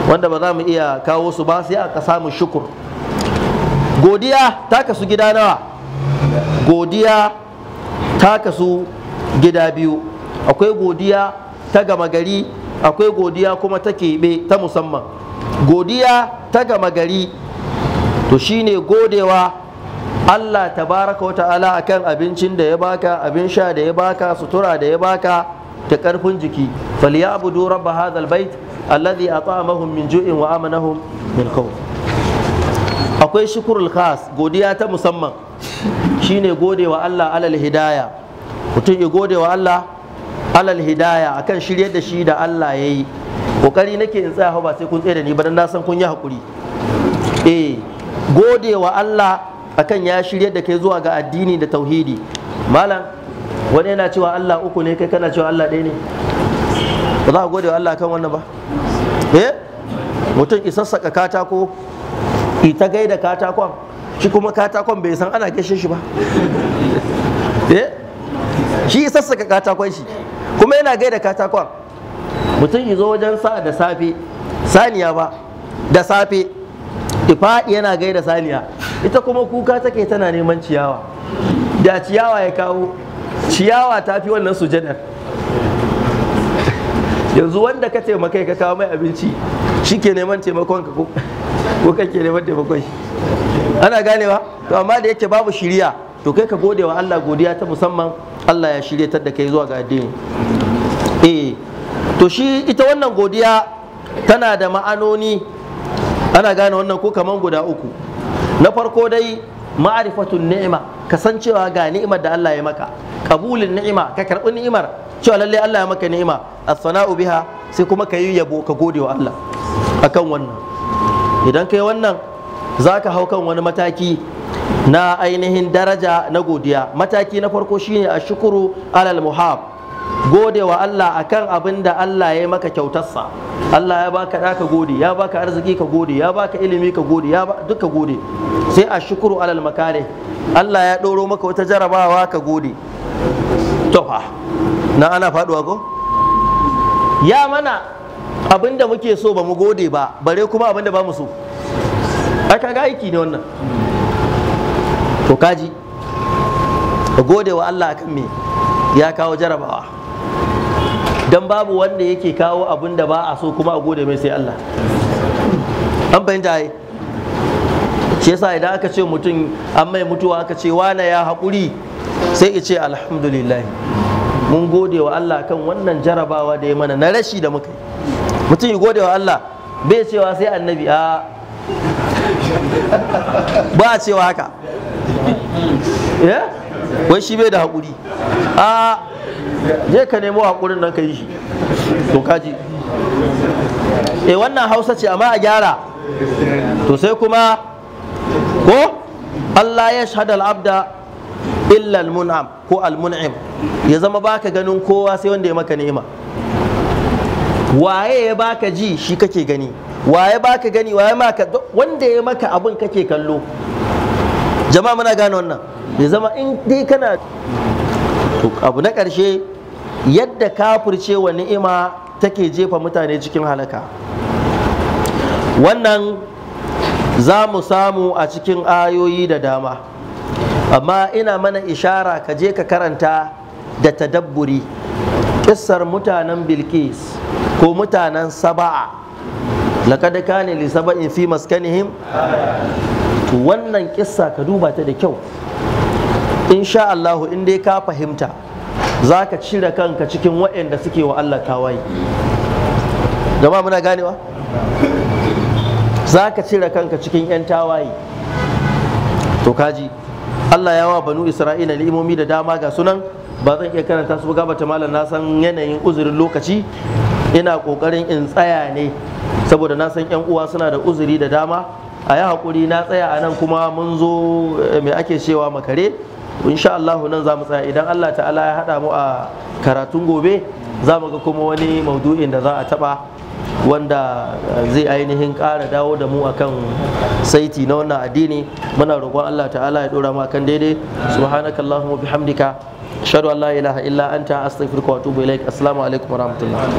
wanda ba za mu iya kawo su ba sai aka samu shukur godiya ta kasu gida nawa godiya ta kasu gida biyu akwai godiya ta gama gari akwai godiya kuma ta keɓe ta musamman godiya ta gama gari to shine godewa Allah tabaraka wa ta'ala akan abincin da ya baka abin sha da ya baka sutura da ya baka da karfin jiki falyabudu rabb hadha albayt alladhi at'amahum min ju'in wa amanahum min khawf akwai shukurul khas godiya ta musamman shine gode wa Allah alal hidaya mutum ya gode wa Allah alal hidaya akan shirye da shi da Allah yayi kokari nake in tsaya ba sai kun tsaye da ni ba dan na san kun yi hakuri eh gode wa Allah akan ya shirya da kai zuwa ga addini da tauhidi malam wani yana cewa Allah uku ne kai kana cewa Allah ɗaya ne ba za a gode wa Allah kan wannan ba eh mutum isassaka katako ita gai da katakon shi kuma katakon bai san ana gashin shi ba eh shi isassaka katakon shi kuma yana gai da katakon mutum izo wajen sa'a da safe saniya ba da safe ifa yana gaida saniya ita kuma kuka take tana neman ciyawa da ciyawa ya kawo ciyawa ta fi wannan sujadar yanzu wanda ka taimaka ka kawo mai abinci shi ke neman taimakon ka ko kake neman taimakon shi ana ganewa to amma da yake babu shiriya to kai ka gode wa Allah godiya ta musamman Allah ya shirye ta da kai zuwa ga addini eh to shi ita wannan godiya tana da ma'anoni ana gane wannan ko kaman guda uku na farko dai ma'arifatun ni'ima kasancewa ga ni'imar da Allah ya maka kabulin ni'ima ka karɓi ni'imar cewa lalle Allah ya maka ni'ima as-sana'u biha sai kuma ka yi yabo ka gode wa Allah akan wannan idan kai wannan zaka hau kan wani mataki na ainihin daraja na godiya mataki na farko shine ashkuru alal muhab gode wa Allah akan abin da Allah ya maka kyautarsa Allah ya baka da ka gode ya baka arziki ka gode ya baka ilimi ka gode ya ba duka gode sai a shukuru alal makare Allah ya ɗoro maka wata jarabawa ka gode tofa na ana faɗuwa ko ya mana abin da muke so ba mu gode ba bare kuma abin da ba mu so ai kaga aiki ne wannan to kaji ka gode wa Allah akan me ya kawo jarabawa don babu wanda yake kawo abin da ba a so kuma a gode mai sai Allah an fahimta ai shi yasa idan aka ce mutum an mai mutuwa aka ce wane ya haƙuri sai ya ce alhamdulillah mun gode wa Allah kan wannan jarabawa da ya mana na rashi da muka yi mutum ya gode wa Allah bai cewa sai annabi a ba a cewa haka eh? wai shi bai da haƙuri a je ka nemo haƙurin nan ka yi shi to kaji E eh, wannan hausa ce amma a gyara to sai kuma ko Allah ya shahada al'abda illa al-mun'am ko al-mun'im ya zama baka ganin kowa sai wanda ya maka ni'ima waye ya baka ji shi kake gani waye baka gani waye maka wanda ya maka abin kake kallo jama'a muna gane wannan ya zama in dai kana abu na ƙarshe yadda wa ni'ima take jefa mutane cikin halaka wannan za mu samu a cikin ayoyi da dama amma ina mana ishara ka je ka karanta da tadabburi ƙissar mutanen bilkis ko mutanen saba'a laƙadaka ne lissaba'in fi maskanihim wannan kissa ka duba ta da kyau insha Allahu in dai ka fahimta za ka cire kanka cikin waɗanda suke wa Allah tawaye gama muna ganewa za ka cire kanka cikin 'yan tawaye to kaji Allah ya wa banu Isra'ila ni'imomi da dama ga sunan ba zan iya karanta su ba ta malam na san yanayin uzurin lokaci ina kokarin in tsaya ne saboda na san 'yan uwa suna da uzuri da dama a yi haƙuri na tsaya a nan kuma mun zo eh, mai ake cewa makare insha Allah nan za mu tsaya idan Allah ta'ala ya haɗa mu a karatun gobe za mu ga kuma wani maudu'in da za a taɓa wanda zai ainihin ƙara dawo da mu akan saiti na wannan addini muna roƙon Allah ta'ala ya ɗora mu akan daidai subhanakallahumma bihamdika ashhadu an la ilaha illa anta astaghfiruka wa atubu ilaik assalamu alaikum wa rahmatullah